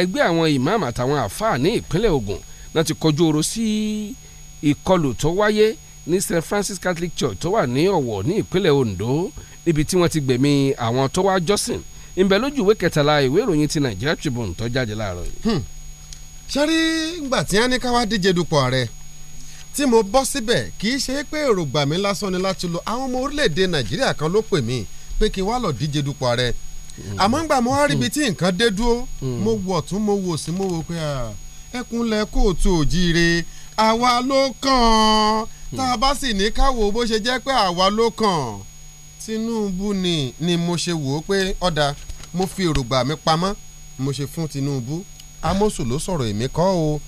ẹgbẹ́ àwọn ìmáàmù àtàwọn àfáà ní ìpínlẹ̀ Ògùn náà ti kọjú oro sí ìkọlù tó wáyé ní St Francis Catholic Church tó wà ní Ọ̀wọ̀ ní ìpínlẹ̀ Ondo níbi tí wọ́n ti gbẹ̀mí àwọn tó wá jọ́sìn ìbẹ̀ lójú ìwé kẹtàlá ìwé ìròyìn ti Nigeria Tribune tó jáde láàárọ̀ yìí. sẹ́rí hmm. ngbà tí wọ́n ní ká wá díje dupò ààrẹ tí mo bọ́ síbẹ̀ kì í ṣe pé èròǹgbà mi lásán ni láti lo àwọn ọmọ orílẹ̀-èdè Nàìjíríà kan ló pè mí pé kí n wá lọ díje dupò ààrẹ hmm. àmọ́ ngbà mo wá rí hmm. ibi tí nǹkan dé dúró mo wò tún mo wò sí mo wò pé ẹkúnlẹ̀ kóòtù òjíire àwa ló kàn án tá a bá sì ní káwọ́ bó ṣe jẹ́ pé àwa ló kàn án Tinubu ni ni mo ṣe wò ó pé ọ̀dà mo fi èròǹgbà mi pamọ́ mo ṣe fún Tinubu Amosu ló sọ̀rọ̀ èmi kọ́ o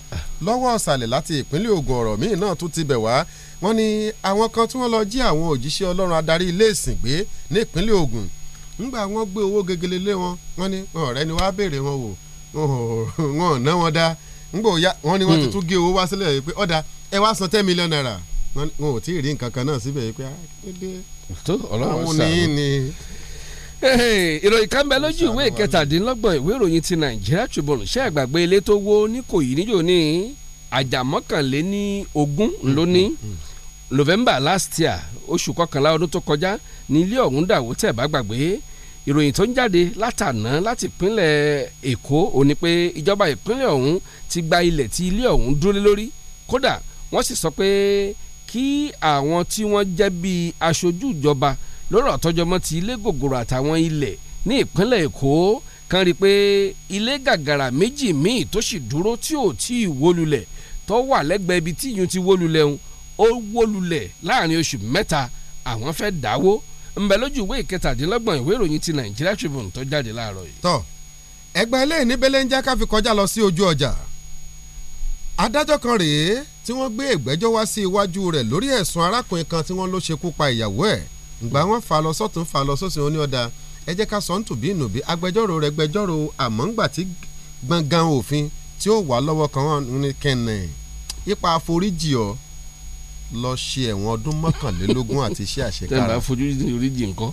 lọ́wọ́ ọ̀sàlẹ̀ láti ìpínlẹ̀ Ògùn ọ̀rọ̀ míì náà tún ti bẹ̀ wá wọ́n ní àwọn kan tí wọ́n lọ jí àwọn òjíṣẹ́ Ọlọ́run adarí ilé ìsìn gbé ní ìpínlẹ̀ Ògùn ńgbà wọ́n gbé owó gegele lé wọn wọ́n ní ọ̀rẹ́ ni wàá béèrè wọn wò wọn ò ná wọn dá ńgbà wọ́n ní wọ́n ti hmm. tún gé owó wá sílẹ̀ pé ọ̀dà ẹ wá san ten million naira wọn ò tí ì rí nǹkan kan náà síbẹ̀ yìí pé dédé ah, àwọn ní ni. ìròyìn kan bẹ lójú ìwé ìkẹtàdínlọ́gbọ̀n ìwé ìròyìn ti Nàìjíríà Tribune ṣé àgbàgbé ilé tó wó ní Ìkòyí níjò ní àjàmọ́kànléní ogún mm, lóní mm, mm. November last year oṣù kọkànlá ọdún tó kọjá ní ilé ọ̀hún dàwó tẹ̀ bá gbàgbé ìròyìn tó ń jáde látàná láti ìpínlẹ̀ Èkó ó ní pé ìjọba ìpínlẹ̀ ọ̀hún ti gba ilẹ̀ tí ilé ọ̀hún dúró lórí kódà wọ́n sì sọ pé kí àwọn tí wọ́n jẹ́ bíi aṣojú ìjọba lọ́rọ̀ tọ́jọmọ́ ti ilé gògòrò àtàwọn ilẹ̀ ní ìpínlẹ̀ Èkó kan rí i pé ilé gàgàrà méjì míì tó sì dúró tí ò tí ì wólulẹ̀ tó wà lẹ́gbẹ̀ẹ́ ibi tí ìyún ti wólulẹ̀ ń ó wólulẹ̀ láàrin oṣù mẹ́ta àwọn fẹ́ dáwó ńbẹ lójú ìwé ìkẹtàdínlọ́gbọ̀n ìwé ìròyìn ti Nigeria Tribune tó jáde láàárọ̀ yìí. tọ́ ẹgbẹ́ eléyìí ní belenja ká fi kọjá lọ sí ojú ọjà adájọ́ kan rèé tí wọ́n gbé ìgbẹ́jọ́ wá sí iwájú rẹ̀ lórí ẹ̀sùn arákùnrin kan tí wọ́n ló ṣekú pa ìyàwó ẹ̀ ǹgbà wọn fà lọ sọ́tún fà lọ sósì wọn ní ọ̀dà ẹ jẹ́ ká sọ́ǹtù bí ìnùbí agbẹjọ́rò rẹ̀ gbẹjọ́rò àmọ́ ńgbà tí gbọ̀ngàn òfin tí ó wà lọ́wọ́ kan wọn ní kẹ́nẹ̀ ipa àforíjì ọ lọ ṣe ẹ̀wọ̀n ọdún mọ́kànlélógún àti iṣẹ́ àṣekára. tẹ́lẹ̀ bá fojú oríjì nǹkan.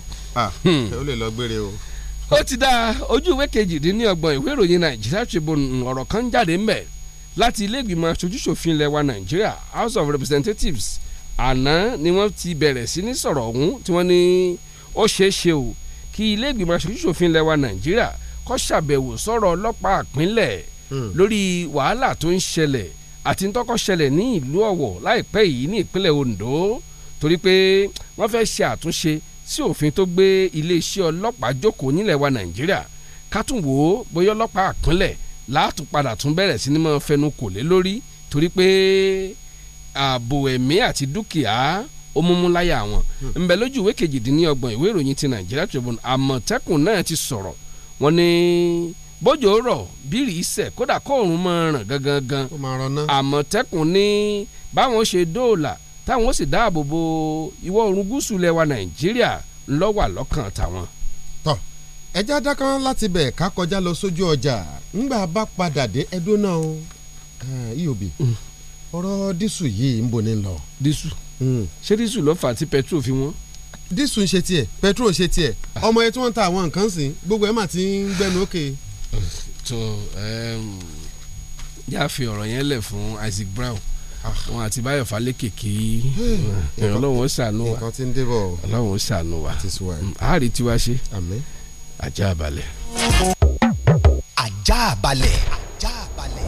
Hmm. ó lè lọ gbére o. ó ti dáa ojú ìwé kejìdínlọ́gbọ̀n ìwé ìròyìn Nàìjíríà Tribune ọ̀rọ̀ kan jáde ńbẹ̀ láti ilé ìgbìmọ̀ aṣojúṣòfin ilẹ̀ wa nàìjíríà house of representatives àná ni wọ́n ti bẹ̀rẹ̀ sí ní sọ̀rọ̀ ọ̀hún tí wọ́n ní ó ṣeé ṣe o kí ilé ìgbìmọ̀ aṣojúṣòfin ilẹ̀ wa nàìjíríà kó ṣàbẹ̀wò sọ̀rọ̀ ọlọ́pàá ìpínlẹ̀ hmm. lórí wàhálà tó ń ṣẹlẹ̀ àti ntọ́kọ́ ṣẹlẹ̀ ní ìlú ọ̀wọ̀ láìpẹ́ yìí ní ìpínlẹ̀ ondo torí pé wọ́n fẹ́ ṣe àtúnṣe sí òfin tó gbé iléeṣẹ́ ọlọ́pàá jókòó nílẹ̀ wa nàìjíríà kátùn wò ó bóyá ọlọ́pàá àpínlẹ̀ láàtún padà tún bẹ̀rẹ̀ sí ni máa fẹnu kò lé lórí torí pé ààbò ẹ̀mí àti dúkìá ó múmú láyà wọn. ńbẹ hmm. lójú ìwé kejìdínlọ́gbọ̀n ìwé ìròyìn ti Nigeria Tribune àmọ̀tẹ́kùn náà ti sọ̀rọ̀ wọ́n ní bójú ó rọ̀ bírì iṣẹ́ kódà kóòrùn máa ràn gangan gan àmọ̀tẹ́kùn ní báwọn ṣe dóòlà táwọn ó sì dáàbò bo ìwọ̀ oòrùn gúúsù lẹwa Nàìjíríà ńlọ́wà lọ́kàn tàwọn ẹja dákan láti bẹ̀ ká kọjá lọ sójú ọjà ńgbà bá padà dé ẹdún náà o iobi e mm. ọ̀rọ̀ dísù yìí ń bo ni lọ. dísù mm. ṣé dísù ló fà á tí pẹtrol fi wọ́n. dísù ń ṣe tiẹ̀ pẹtrol ṣe tiẹ̀ ah. ọmọ ẹ tí wọ́n ń ta àwọn nǹkan sí gbogbo ẹ̀ mà ti ń gbẹnu òkè. tó yá fi ọ̀rọ̀ yẹn lẹ̀ fún Isaac Brown wọn ah. àti báyọ̀ falékè kí ọlọ́run ó ṣàánú wa ọlọ́run ó ṣàánú wa mm, a rí tiwa ṣe. àmín Ajabale, Ajabale, Ajabale.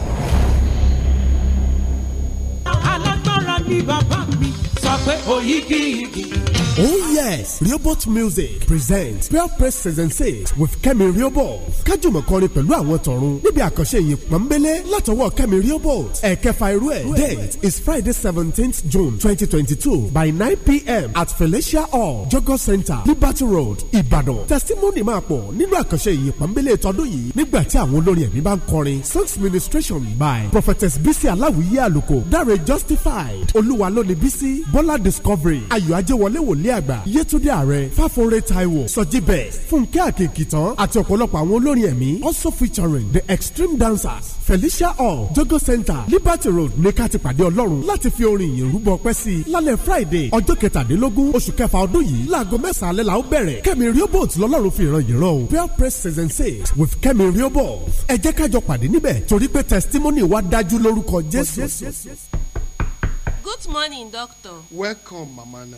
alágbára ni bàbá mi sọ pé òyìgì igi. Oh yes, Robot Music presents Pure Press Season 6 with Kemi Robot. Kájùmọ̀ kọrin pẹ̀lú àwọn tọ̀run níbi àkànṣe ìyìn pọ̀nbélé látọwọ́ Kemi Robot. Ẹ̀kẹfà irú ẹ̀. Date is Friday seventeenth June twenty twenty two by nine pm at Felicia Hall, Jogo Center, Liberty Road, Ibadan. Testimony máa pọ̀ nínú àkànṣe ìyìn pọ̀nbélé tọdún yìí nígbà tí àwọn olórin ẹ̀mí bá ń kọrin. Songs ministration by Prophetess Bisi Aláwìyé Àlùkò, Dáre Justified, Olúwa Bisi, Bola Discovery, Ayọ̀ Ajẹ́wọlé Wòlé ìyálé àgbà yétúndé ààrẹ fáforé taiwo sọjí best fúnkẹ́ àkèkìtàn àti ọ̀pọ̀lọpọ̀ àwọn olórin ẹ̀mí also featuring the extreme dancers felicia hall jogo center liberty road ní ká ti pàdé ọlọ́run láti fi orin ìyìn rúbọ pẹ́ sí i lálẹ́ friday ọjọ́ kẹtàdínlógún oṣù kẹfà ọdún yìí láago mẹ́sàn-án alẹ́ la ó bẹ̀rẹ̀ kẹ́mi riobolt lọ́lọ́run fi ìran yìí rán o prayer praise season six with kẹ́mi riobolt ẹ jẹ́ kájọ pàdé níbẹ̀ torí pé testimony wa dájú lórúkọ jésù. good morning doctor. welcome mamana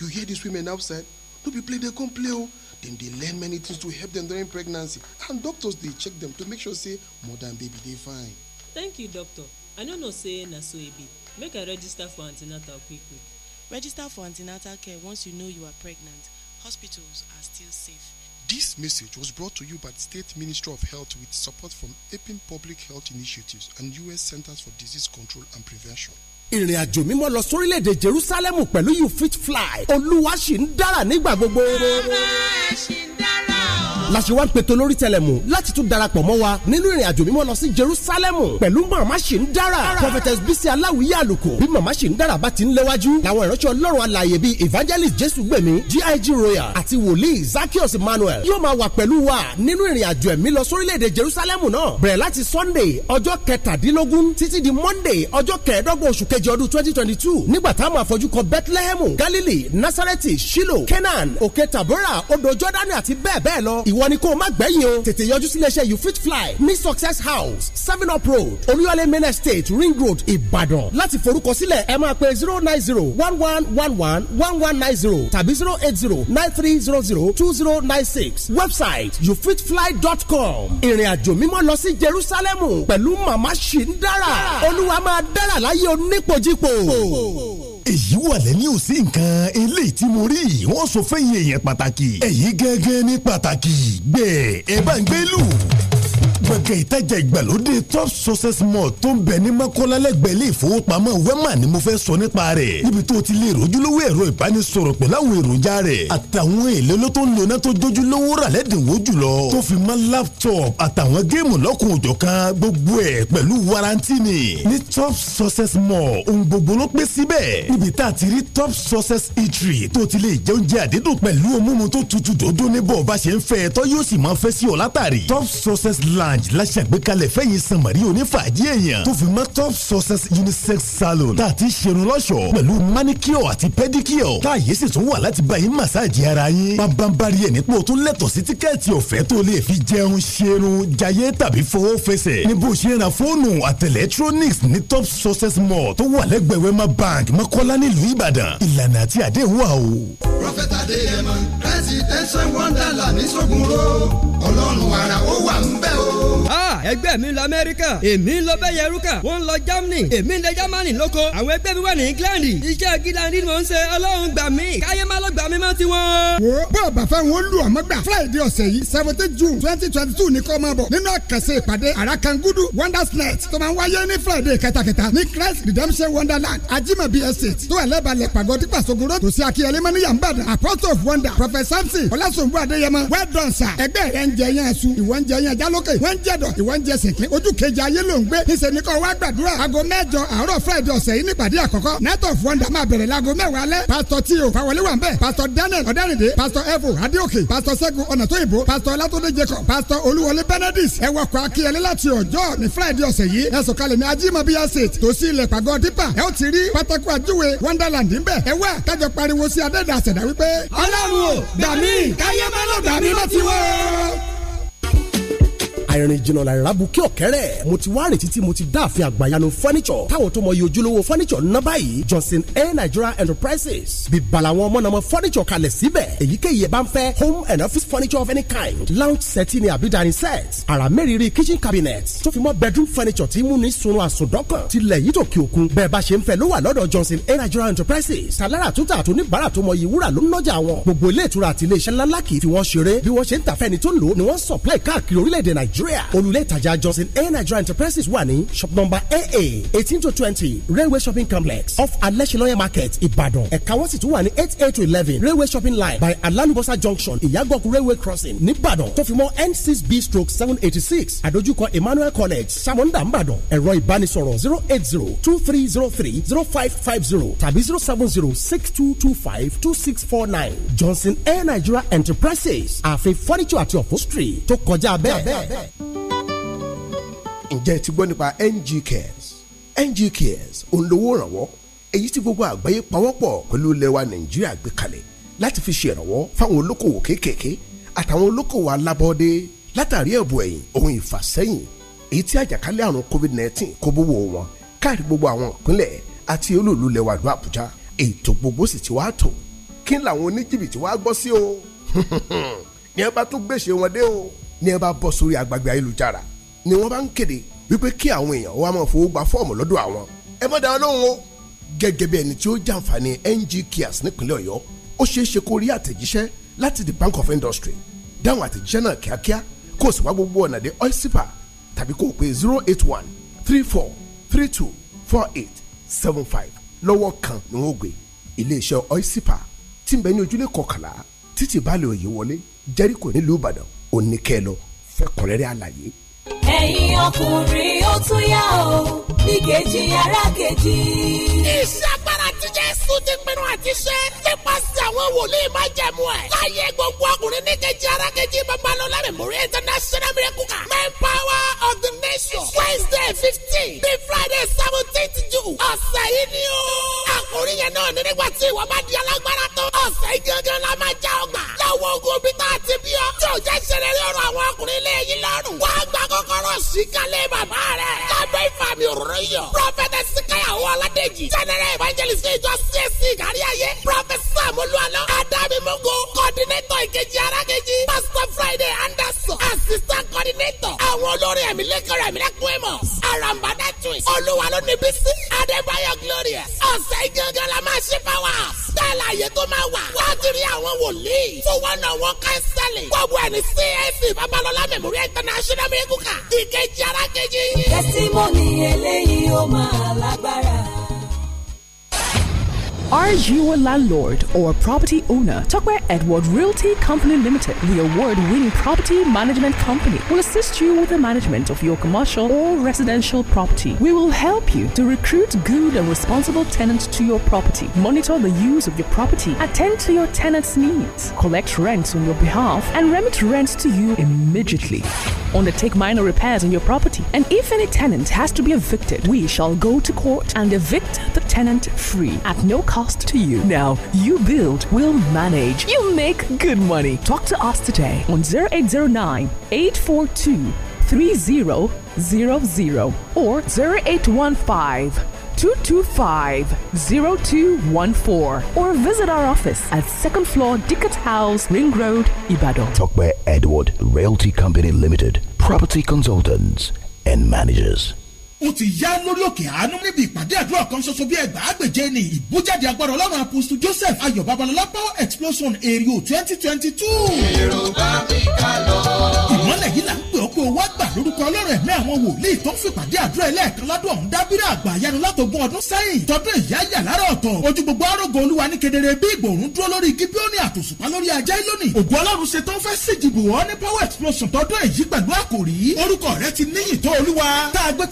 You hear these women outside? No be play, they come play. Oh. Then they learn many things to help them during pregnancy. And doctors, they check them to make sure, say, mother and baby, they fine. Thank you, doctor. I no know say na so e be. Make I register for antenatal quick quick. Register for antenatal care once you know you are pregnant. Hospitals are still safe. This message was brought to you by the State Ministry of Health with support from APIM Public Health Initiatives and U.S. Centers for Disease Control and Prevention ìrìn àjò mímọ́ lọ sórílẹ̀‐èdè Jerúsálẹ́mù pẹ̀lú you fit fly olúwa sì ń dára nígbà gbogbo. bàbá ẹ̀ sì ń dára láti wá ń pètò lórí tẹlẹmù láti tún darapọ̀ mọ́ wa nínú ìrìn àjò mímọ́ lọ sí Jerusalemu pẹ̀lú màmá ṣì ń dára prophetess bisi aláwìyé àlùkò bí màmá ṣì ń dára bá ti ń léwájú làwọn ìránṣẹ́ ọlọ́run alààyè bíi evangelist jésù gbèmí gig royal àti wòlíì zakios emmanuel yóò máa wà pẹ̀lú wa nínú ìrìn àjò ẹ̀mí lọ sórílẹ̀‐èdè Jerusalemu náà bẹ̀rẹ̀ láti sunday ọjọ́ kẹtàdínlógún títí di monday ọjọ́ kẹẹ̀ẹ́dọ́gbọ̀n oṣù kej kẹjọ ọdún twenty twenty two nígbà táwọn àfojúkọ bethlehem galilee nasareti shilo kenan òkè tabora odò jordani àti bẹ́ẹ̀ bẹ́ẹ̀ lọ ìwọ ni kó o má gbẹ̀yìn o tètè yọjú sí iléeṣẹ́ you fit fly ní success house seven up road olúyọlé main estate ring road ìbàdàn láti forúkọsílẹ̀ ẹ máa pe zero nine zero one one one one one one nine zero tàbí zero eight zero nine three zero zero two zero nine six website youfitfly.com ìrìn àjò mímọ́ lọ sí jerusalem pẹ̀lú mama shindara olúwa máa dára láyé oníp nípòjípò. èyí wà lẹ́ni ò sí nǹkan eléyìí tí mo rí wọ́n sọ fẹ́yìn èèyàn pàtàkì èyí gẹ́gẹ́ ní pàtàkì gbẹ̀ẹ́ ẹ bá ń gbé lù gbọ̀ngàn ìtajà ìgbàlódé top success mall tó ń bẹ ní mọ́kànlá lẹ́gbẹ̀ẹ́ ilé ìfowópamọ́ wema ni mo fẹ́ sọ nípa rẹ̀ níbi tó ti lè rojúlówó ẹ̀rọ ìbánisọ̀rọ̀ pẹ̀lú àwọn èròjà rẹ̀ àtàwọn èlé ló tó ń lona tó jójúlówó rà lẹ́dínwó jùlọ tó fi mọ́ laptop àtàwọn géèmù lọ́kùn òjọ̀ kan gbogbo ẹ̀ pẹ̀lú warranty ni ní top success mall ohun gbogbo ló pé síbẹ̀ níbi tá a ti lounge la ṣàgbékalẹ̀ fẹ̀yìn sanmari onífàájì èèyàn tó fi mọ́ top success unisex salon tá a ti ṣerun lọ́ṣọ̀ pẹ̀lú manicure àti pedicure tá a yẹ sì tún wà láti bá yín massage ara yín bámbámbárí ẹ̀ nípò tó lẹ́tọ̀ sí tíkẹ́ẹ̀tì ọ̀fẹ́ tó lè fi jẹun ṣerun jayé tàbí fowó fẹsẹ̀ ní bó ṣe ra fóònù àti electronics ní top success mall tó wà lẹ́gbẹ̀ẹ́ wema bank mọ́kọ́lá nílùú ìbàdàn ìlànà àti àdéhùn wà o. prọfẹ̀tà adéyẹmọ president wonderland ní sọ́gun ro ọlọ́run ara ó wà ń bẹ̀ Ah, ẹgbẹ́ mi lọ amẹ́ríkà èmi lọ bẹ́yẹ rúkà wọ́n lọ germany èmi lọ germany lóko àwọn ẹgbẹ́ mi wà ní england iṣẹ́ gíga ni mò ń ṣe ọlọ́run gbà mí káyé má lọ gbà mí mọ́ tiwọn. wo bó ọba fáwọn olú ọmọ gbà friday ọ̀sẹ̀ yìí seventeen june twenty twenty two ní kó máa bọ̀ nínú àkànṣe ìpàdé àràkàngúdù wonders night tó máa ń wáyé ní friday kẹtàkẹta ní christ redemption wonderland ajimabi estate tó ẹlẹ́balẹ̀ pàgọ́dí pàṣọgoro tó sí akíyẹlé mọ́ ní apostle of wonder prophet samson ọlásùnbù adéyẹmọ well done sir ẹgbẹ́ rẹ̀ ń jẹ yẹn asu ìwọ sókè wọ́n ń jẹ̀dọ̀ ìwọ́n ń jẹsẹ̀ kí ojú kejì ayé ló ń gbé níṣẹ́ ni kò wá gbàdúrà aago mẹ́jọ àárọ̀ friday ọ̀sẹ̀ yìí nípàdé àkọ́kọ́ night of wonder máa bẹ̀rẹ̀ láago mẹ́wàá alẹ́ pásítọ̀ tí o fàwọlé wà ń bẹ̀ pásítọ̀ daniel ọ̀dẹ́rìndé pásítọ̀ evo adéòkè pásítọ̀ ṣẹ́gun ọ̀nàtóyìnbó pásítọ̀ látọ́dé jacob pásítọ̀ olúwọlé benedict ẹ wọkọ̀ akíyẹlé láti ọjọ́ ní friday ọ̀sẹ̀ yìí ẹ sọ̀kalẹ̀ ní ajímọ̀bí estate tòsí ilẹ̀ pàgọ́ dípà wonderland ńbẹ̀ ẹ wá kájọ pariwo sí adẹ́dàsẹ̀dá wípé ọlọ́run ò gbà mí káyé má lọ gbà mí àìrìn jìnnà làrá bu kí ọ̀kẹ́rẹ́ mo ti wá rètí tí mo ti dá àfin àgbàyanu furniture táwọn tó mọ iye ojúlówó furniture ná báyìí Johnson A Nigeria Enterprises bíbá làwọn mọ̀nàmọ́ furniture kalẹ̀ síbẹ̀ èyíkéyìí ẹ̀ bá ń fẹ́ home and office furniture of any kind lounge set ni àbí dining set àrà mẹ́rìírí kitchen cabinet tó fi mọ́ bedroom furniture tí mú ní sunun àsùndọ́kàn tilẹ̀ yìí tó kí òkun bẹ́ẹ̀ bá ṣe ń fẹ́ ló wà lọ́dọ̀ Johnson A Nigeria Enterprises tàlára tó tà tó níbàárà tó mọ iye wúrà ló ń nọ́jà wọn gbogbo ilé ìtura àti ilé iṣẹ́ ńláńlá kì í fi wọ́n ṣeré supply káàkiri orílẹ̀-èdè nàìjíríà olùlé ìtajà johnson air nigeria enterprises wà ní shop number aa eighteen to twenty railway shopping complex off alẹ́sìlọ́yẹ̀ market ìbàdàn ẹ̀ka wọ́n sì tún wà ní eight eight to eleven railway shopping line by alalubosa junction ìyàgòkú railway crossing nìbàdàn tó fi mọ́ n six b stroke seven eighty six àdójúkọ emmanuel college samonda nìbàdàn ẹ̀rọ ìbánisọ̀rọ̀ zero eight zero two three zero three zero five five zero tàbí zero seven zero six two two five two six four nine johnson air nigeria enterprises àfi furniture àti upholstery tó kọjá bẹ́ẹ̀ ǹjẹ́ ti gbọ́ nípa NG Cares NG Cares òǹlówó ìrànwọ́ èyí tí gbogbo àgbáyé pawọ́pọ̀ pẹ̀lú lẹ́wà Nàìjíríà gbé kalẹ̀ láti fi ṣèrànwọ́ fáwọn olókòwò kéékèèké àtàwọn olókòwò alábọ́ọ́dé látàrí ẹ̀bùn ẹ̀yìn ohun ìfàsẹ́yìn èyí tí àjàkálẹ̀ àrùn COVID-19 kó bówó wọn káàrí gbogbo àwọn ìpínlẹ̀ àti olúùlú lẹ́wà ìlú Àbújá ètò gbogbo sì ti wá tò kí làwọn oníjìbìtì wá gbọ́ sí o ní ẹ bá tún gbèsè wọn dé o ní ẹ bá bọ́ sórí agbègbè ayélujára ni wọ́n bá ń kéde wípé kí àwọn èèyàn wá máa fowó gba fọ́ọ̀mù lọ́dọ̀ àwọn ẹ má dáa lóhùn o gẹ́gẹ́ bí ẹni tí ó jàǹfààní NG Kias nípínlẹ̀ Ọ̀yọ́ ó ṣeé ṣe kó rí àtẹ̀jíṣẹ́ láti the Bank of Industry dáhùn àtẹ̀jíṣẹ́ náà kíákíá kó o sì wá gbogbo ọ̀nà dé oysipa tàbí kó o pè zero eight one three four three two four eight seven five lọ́wọ́ kan ni wọ́n gbé iléeṣẹ́ oysipa tí ń bẹ ní ojúlé kọkànlá títí balẹ̀ òye wọlé jẹ́ríkò nílùú Ìbàdàn oníkẹ́ lọ fẹ́kọ̀rẹ́rẹ́ àlàyé. ẹ̀yin ọkùnrin ó tún yá o níkejì ara kejì. iṣẹ́ agbára ti Jésù ti pinnu àti ṣe nípasẹ̀ àwọn wòlíì máa jẹ̀mú ẹ̀. láyé gbogbo ọkùnrin níkejì ara kejì babalọ́lá memorial international miracle car main power of the nation Wednesday fifteen bíi Friday seventeenth June ọ̀sẹ̀ yìí ni o. àkòrí yẹn náà ní nígbà tí ìwọ bá di alágbára tó ọ̀sẹ̀ gangan la máa já ọgbà. láwọn ogun bíi tá a ti yóò jẹ́ sẹ̀rẹ̀lẹ̀ ọ̀rọ̀ àwọn ọkùnrin ilé yìí lọ́rùn. wàá gba kọ́kọ́rọ́ sí kalẹ̀ bàbá rẹ̀. lábẹ́ ìfàmì òróró yọ. prọfẹtẹ sikayawo aladeji. general evangelist ìjọ csc kárí ayé. prọfẹsà mọlúwalọ. adami mogo. kọ́dínétọ̀ ìkejì arákejì. pastor friday anderson. assistant coordinator. àwọn olórí ẹ̀mí lẹ́kọ̀ọ́ ẹ̀mí lẹ́kọ̀ọ́ ẹ̀mọ́. arambada twins. Adébáyọ̀ Glorious. Ọ̀sẹ̀ gangan la máa ṣe fáwa. Sẹ́ẹ̀lì àyè tó máa wà. Wọ́n ti rí àwọn wòlíì. Fún wọn ká sẹ́lì. Gbogbo ẹ̀ ní CAC Babalọlá Memorial International Mekuka. Ìkejì ara kejì. Tẹ́símọ́nì eléyìí ó máa lágbára. Are you a landlord or property owner? Tuckware Edward Realty Company Limited, the award winning property management company, will assist you with the management of your commercial or residential property. We will help you to recruit good and responsible tenants to your property, monitor the use of your property, attend to your tenants' needs, collect rents on your behalf, and remit rents to you immediately. Undertake minor repairs on your property, and if any tenant has to be evicted, we shall go to court and evict the tenant free at no cost cost to you. Now, you build, we'll manage, you make good money. Talk to us today on 0809 842 3000 or 0815 225-0214 or visit our office at second floor Dickett House, Ring Road, Ibadan. Talk by Edward Realty Company Limited, property consultants and managers. ó ti yá lórí òkè àánú níbi ìpàdé àdúrà kan ṣoṣo bí ẹgbàágbèje ni ìbújáde agbára ọlọ́run apostle joseph ayọ̀ babalọlá power explosion èrìò twenty twenty two. yorùbá mi ká lọ. ìmọ̀lẹ̀ yìí là ń pè ọ́ pé wá lórúkọ ọlọ́run ẹ̀mí àwọn wòlíì tó ń fìpàdé àdúrà ẹlẹ́ẹ̀kan ládùn ọ̀hún dábírà àgbà yanu látọ̀gbọ́n ọdún sẹ́yìn tọdún ìyáyà lára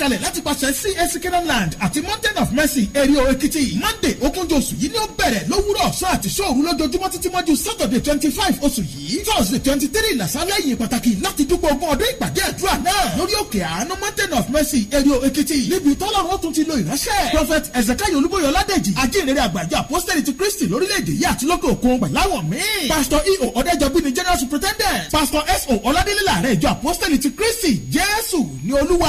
a gbé láti pàṣẹ CAC Canaan Land àti Mountain of Mercy Erio Ekiti Monday ogúnjọ́ oṣù yìí ni ó bẹ̀rẹ̀ lówùrọ̀ ọ̀sán àti ṣòru lójoojúmọ́ títí mọ́jú Saturday twenty five oṣù yìí Thursday twenty three làṣálẹ̀ yìí pàtàkì láti dúpọ̀ ogún ọdún ìpàdé àdúrà náà lórí òkè àánú Mountain of Mercy Erio Ekiti níbi tọ́lọ́run ó tún ti lo ìránṣẹ́ Prophet Ezekiel Olúbóyè Ọládèjì ajínrere àgbàjọ àpọ́sítẹ́lì ti Kristi lórílẹ̀‐èdè yìí àti lókè òkun pẹ̀láwọ̀ míì Pastor E.O. Ọ̀dẹ́jọbí ni General Superintendent Pastor S.O. Ọládélé làárẹ̀ ìjọ àpọ́sítẹ́lì ti Kristi Jésù ni Olúwa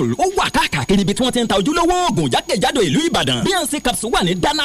capsule ó wà káàkiri ibi tí wọ́n ti ń ta ojúlówó oògùn jákèjádò ìlú Ìbàdàn bnc capsule wà ní dáná